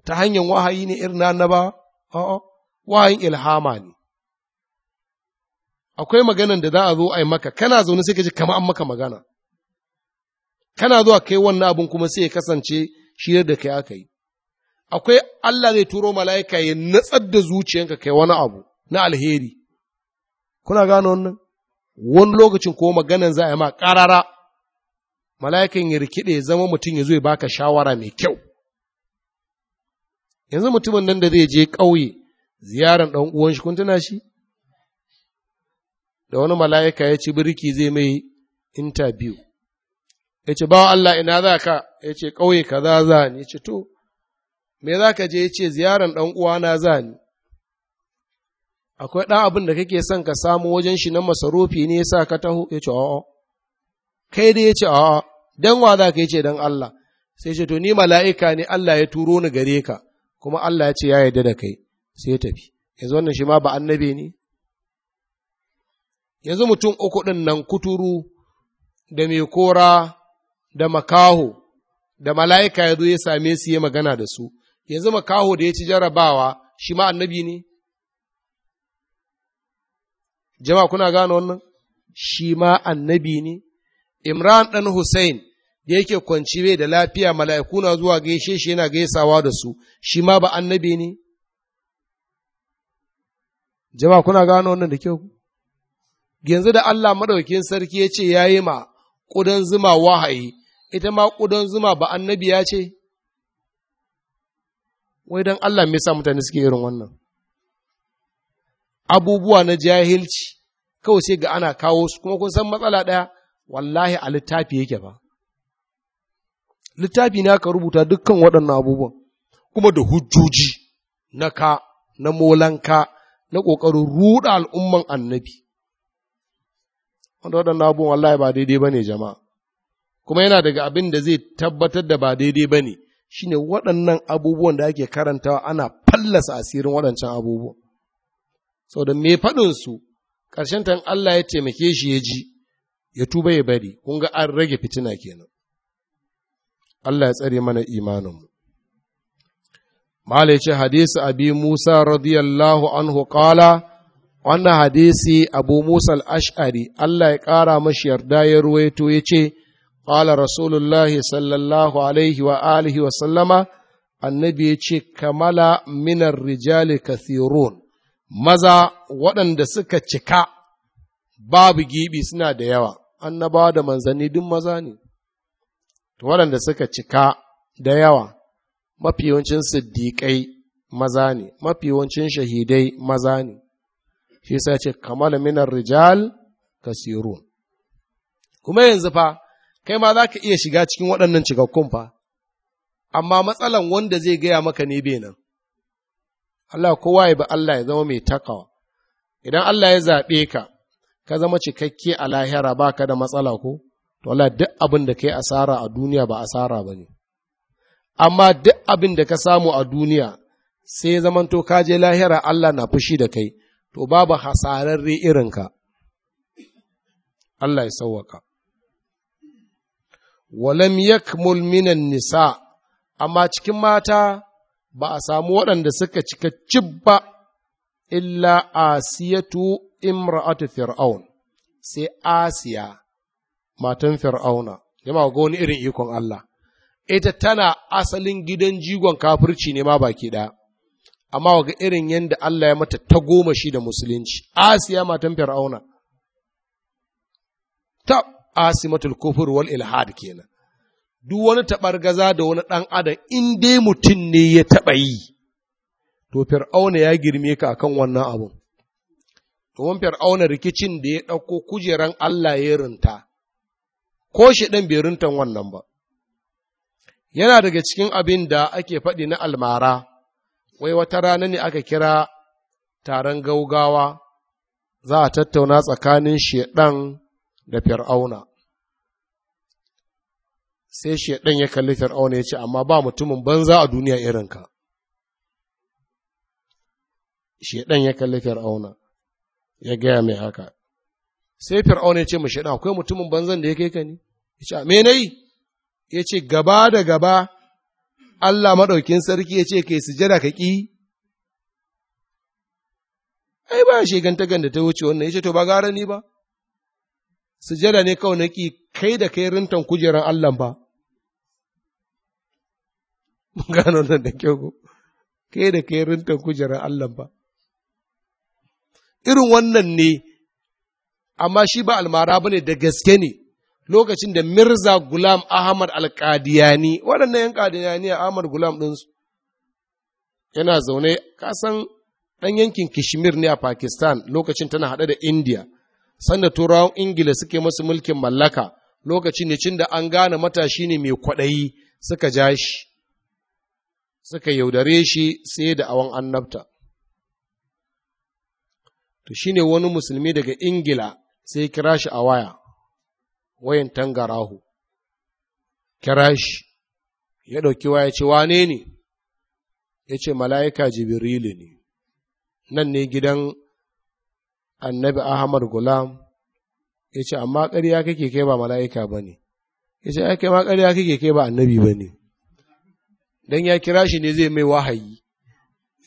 ta hanyar wahayi ne irin annaba? A'a, wahayin ilhama ne. Akwai maganan da za a zo a yi maka, kana zaune sai ka ji kama an maka magana, kana zuwa kai wannan abin kuma sai ya kasance shi da kai aka yi. Akwai Allah zai turo mala'ika ya natsar da zuciyanka kai wani abu na alheri, kuna gano wannan wani lokacin ko maganan za a yi ma ƙarara mala'ikan ya rikide zama mutum ya zuwa baka shawara mai kyau yanzu mutumin nan da zai je ƙauye ziyaran ɗan uwan shi kun tana shi da wani mala'ika ya ci birki zai mai interview ya ce bawa Allah ina za ka ya ce ƙauye ka za za ni ya ce to me za ka je ya ce ziyaran ɗan na za ni akwai ɗan abin da kake son ka samu wajen shi na masarufi ne sa ka taho ya ce o'o kai da ya ce o'o dan wa za ka yi ce dan Allah sai ce to ni mala'ika ne Allah ya turo ni gare ka kuma Allah ya ce ya yarda da kai sai ya tafi yanzu wannan shi ma ba annabi ne yanzu mutum uku ɗin nan kuturu da mai kora da makaho da mala'ika ya zo ya same su yi magana da su yanzu makaho da ya ci jarabawa shi ma annabi ne jama'a kuna gano wannan shi ma annabi ne imran ɗan hussein da yake kwanci bai da lafiya mala'iku na zuwa gaishe shi yana gaisawa da su shi ma ba annabi ne jama'a kuna gano wannan da kyau yanzu da Allah madaukin sarki ya ce ya yi ma ƙudan zuma wahayi ita ma ƙudan zuma ba annabi ya ce wai don Allah me sa mutane suke irin wannan abubuwa na jahilci kawai sai ga ana kawo su kuma kun san matsala ɗaya wallahi a littafi yake ba littafi na ka rubuta dukkan waɗannan abubuwan kuma da hujjoji na ka na molanka na ƙoƙarin ruɗa al'umman annabi wanda waɗannan abubuwan wallahi ba daidai ba ne jama'a kuma yana daga abin da zai tabbatar da ba daidai ba ne shine waɗannan abubuwan da ake karantawa ana fallasa asirin waɗancan abubuwan sau da me faɗinsu ƙarshen tan Allah ya taimake shi ya ji ya tuba ya bari kun ga an rage fitina kenan Allah ya tsare mana imaninmu Mala ya ce hadisi abi Musa radiyallahu anhu kala, wannan hadisi abu Musa al Allah ya ƙara mashi yarda ya ruwaito ya ce Ƙala rasulullahi sallallahu alaihi wa alihi wa sallama annabi ya ce kamala minar rijali kathirun maza waɗanda suka cika babu gibi suna da yawa, An annabawa da manzanni duk maza ne, waɗanda suka cika da yawa, mafi yawancin siddiƙai maza ne, mafi yawancin shahidai maza ne, shi sai ce kamar minar rijal kasiru Kuma yanzu fa, kai ma za ka iya shiga cikin waɗannan cikakkun fa, amma matsalan wanda zai gaya maka ne bai nan. Allah kowa ya bi Allah ya zama mai takawa idan Allah ya zaɓe ka ka zama cikakke a lahira ba ka da matsala ko to Allah duk abin da yi asara a duniya ba asara ba ne amma duk abin da ka samu a duniya sai zaman to kaje lahira Allah na fushi da kai to babu hasararre irinka Allah ya sauwaka walam yakmul minan nisa amma cikin mata ba a samu waɗanda suka cika cib ba illa asiyatu imra'atu fir'aun sai asiya matan fir'auna jama'a ga wani irin ikon Allah ita tana asalin gidan jigon kafirci ne ma baki ɗaya amma ga irin yadda Allah ya mata ta goma shi da musulunci asiya matan fir'auna ta asimatul kufur wal ilhad kenan duk wani taɓargaza da wani ɗan adam in dai mutum ne ya taɓa yi, to fir'auna ya girme ka kan wannan abun. Domin fir'auna rikicin da ya ɗauko kujeran Allah ya rinta, ko shi ɗan bai rintan wannan ba. Yana daga cikin abin da ake faɗi na almara, wai wata rana ne aka kira taron gaugawa, za a tattauna tsakanin da fir'auna. sai shi ya kalli fir'auna ya ce amma ba mutumin banza a duniya irinka Shi ya kalli fir'auna ya gaya mai haka sai fir'auna ya ce mu ɗan akwai mutumin banzan da ya kai ka ne ya ce me nayi ya ce gaba da gaba Allah maɗaukin sarki ya ce kai sujada ka ƙi ai ba shi ganta ganda ta wuce wannan ya ce to ba gara ni ba sujada ne kawai naki kai da kai rintan kujeran Allah ba gano nan da kyau ku kai da kai rintan kujeran Allah ba irin wannan ne amma shi ba almara bane da gaske ne lokacin da Mirza Gulam Ahmad al waɗannan ‘yan a Ahmad Gulam ɗinsu yana zaune kasan ɗan yankin Kishmir ne a Pakistan lokacin tana haɗe da India sanda turawan ingila suke masu mulkin mallaka lokaci ne cin da an gane matashi ne mai kwaɗayi suka ja shi suka yaudare shi sai da awon annabta to shi ne wani musulmi daga ingila sai kira shi a waya wayan tangarahu kira shi ya ɗauki waya ce wane ne ya ce mala'ika jibirili ne nan ne gidan annabi ahmad gulam ya ce amma ƙarya kake kai ba mala'ika ba ne ya ce ake ma ƙarya kake kai ba annabi ba ne don ya kira shi ne zai mai wahayi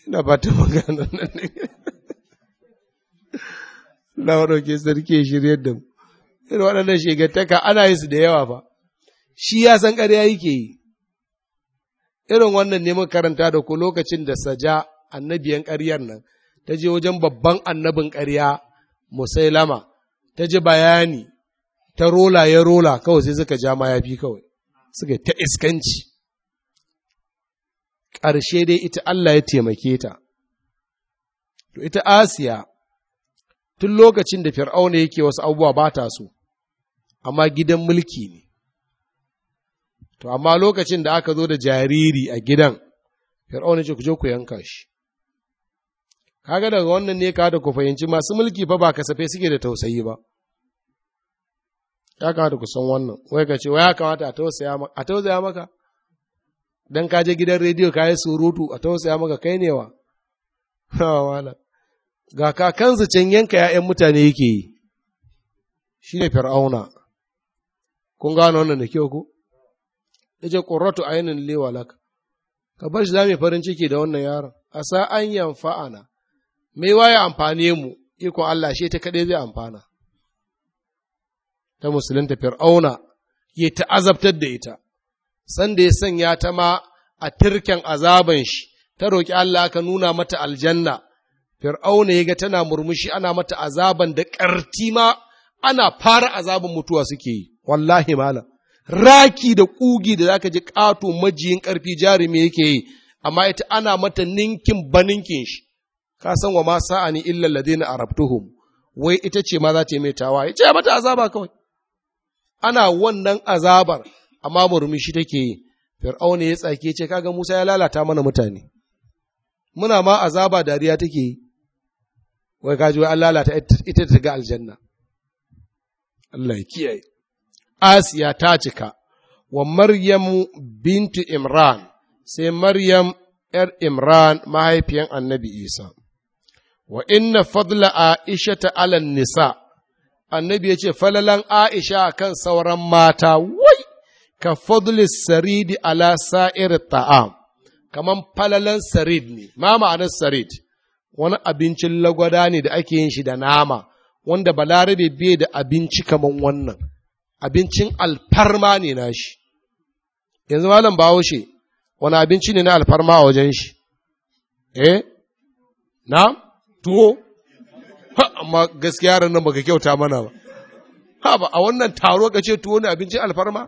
ina ba ta magana nan ne na ke sarki shirya da mu irin waɗannan shegataka ana yin su da yawa fa shi ya san ƙarya yake yi irin wannan neman karanta da ku lokacin da saja annabiyan ƙaryar nan ta je wajen babban annabin ƙarya musailama ta ji bayani ta rola ya rola kawai sai suka ja mayafi kawai suka ta iskanci ƙarshe dai ita Allah ya taimake ta to ita Asiya tun lokacin da Fir'auna yake wasu abubuwa ba ta so amma gidan mulki ne to amma lokacin da aka zo da jariri a gidan Fir'auna ce ku je ku yanka shi kaga daga wannan ne ka da ku fahimci masu mulki fa ba kasafai suke da tausayi ba ya kamata ku san wannan wai ka ce wai ya kamata a tausaya maka a tausaya maka dan ka je gidan rediyo ka yi surutu a tausaya maka kai ne wa wala *laughs* ga kanzu can yanka ya'yan mutane yake yi shi ne fir'auna kun gano wannan da kyau ku yace qurratu aynin li walak ka bar shi zamu farin ciki da wannan yaron asa an yanfa'ana me waye amfane mu ikon Allah shi ta kaɗai zai amfana ta musulunta fir'auna ya azabtar da ita sanda ya sanya ta ma a tirken azaban shi ta roƙi Allah ka nuna mata aljanna fir'auna ya ga tana murmushi ana mata azaban da ƙarti ma ana fara azaban mutuwa suke yi wallahi malam raki da ƙugi da zaka ji ƙato majiyin ƙarfi jarumi yake yi amma ita ana mata ninkin baninkin shi ka san wa ma sa'ani illa alladhina arabtuhum wai ita ce ma za ta yi mai tawa ya ce mata azaba kawai ana wannan azabar amma murmushi take yi fir'auna ya tsake ce kaga Musa ya lalata mana mutane muna ma azaba dariya take yi wai kaji wai an lalata ita ta ga aljanna Allah ya kiyaye Asiya ta cika wa Maryam bintu Imran sai Maryam ‘yar Imran mahaifiyan annabi Isa. wa inna fadla aisha ta alan nisa annabi ya ce falalan aisha kan sauran mata wai ka fadli saridi ala sa'ir ta'am kaman falalan sarid ne ma ma'anar sarid wani abincin lagwada ne da ake yin shi da nama wanda balarabe bai da abinci kaman wannan abincin alfarma ne na yanzu malam bahaushe wani abinci ne na alfarma a wajen shi eh na tuwo ha amma gaskiya ran nan baka kyauta mana ba ha ba a wannan taro ka ce tuwo ne abincin alfarma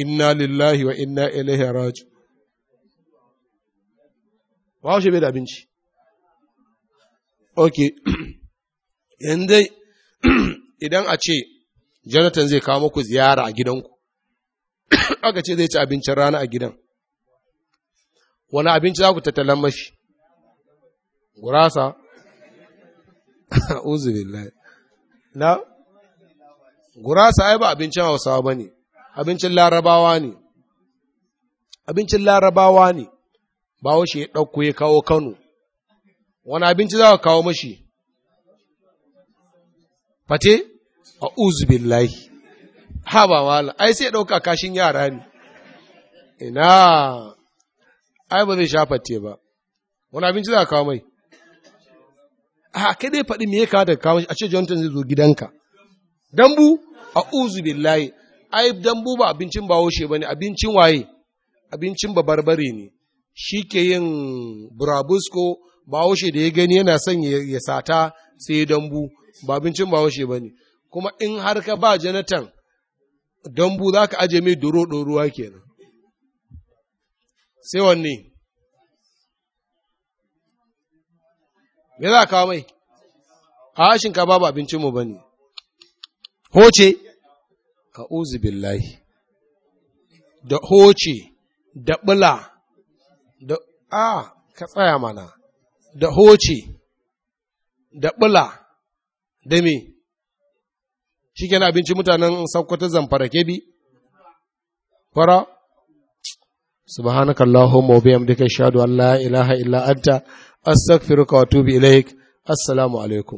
inna lillahi wa inna ilaihi raji ba shi bai da abinci ok *clears throat* yanzu *clears throat* idan a ce jonathan zai kawo muku ziyara a gidanku *clears throat* aka ce zai ci abincin rana a gidan wani abinci za ku tattalan mashi gurasa a'udhu billahi na gurasa ai ba abincin Hausawa bane abincin Larabawa ne abincin Larabawa ne ba shi ya ɗauko ya kawo Kano wani abinci za ka kawo mashi fate a'udhu billahi ha ba mala ai sai ya ɗauka kashin yara ne ina ai ba zai sha fate ba wani abinci za ka kawo mai a kai dai faɗi me ya kawo daga kawo a ce Jonathan zai zo gidanka dambu a uzu billahi ai dambu ba abincin ba haushe bane abincin waye abincin ba barbare ne shi ke yin burabusko ba haushe da ya gani yana son ya sata sai ya dambu ba abincin ba haushe bane kuma in har ka ba Jonathan dambu za ka aje mai doro ɗoruwa kenan sai wanne me za kawo mai a shinkafa ba abincinmu ba ne hoce a billahi da hoce da bula da a ka tsaya mana da hoce da bula da me shi abincin mutanen sankwata zamfara kebi fara subhanaka allahumma wa bihamdika ashhadu an la ilaha illa anta astaghfiruka wa atubu ilaik assalamu alaikum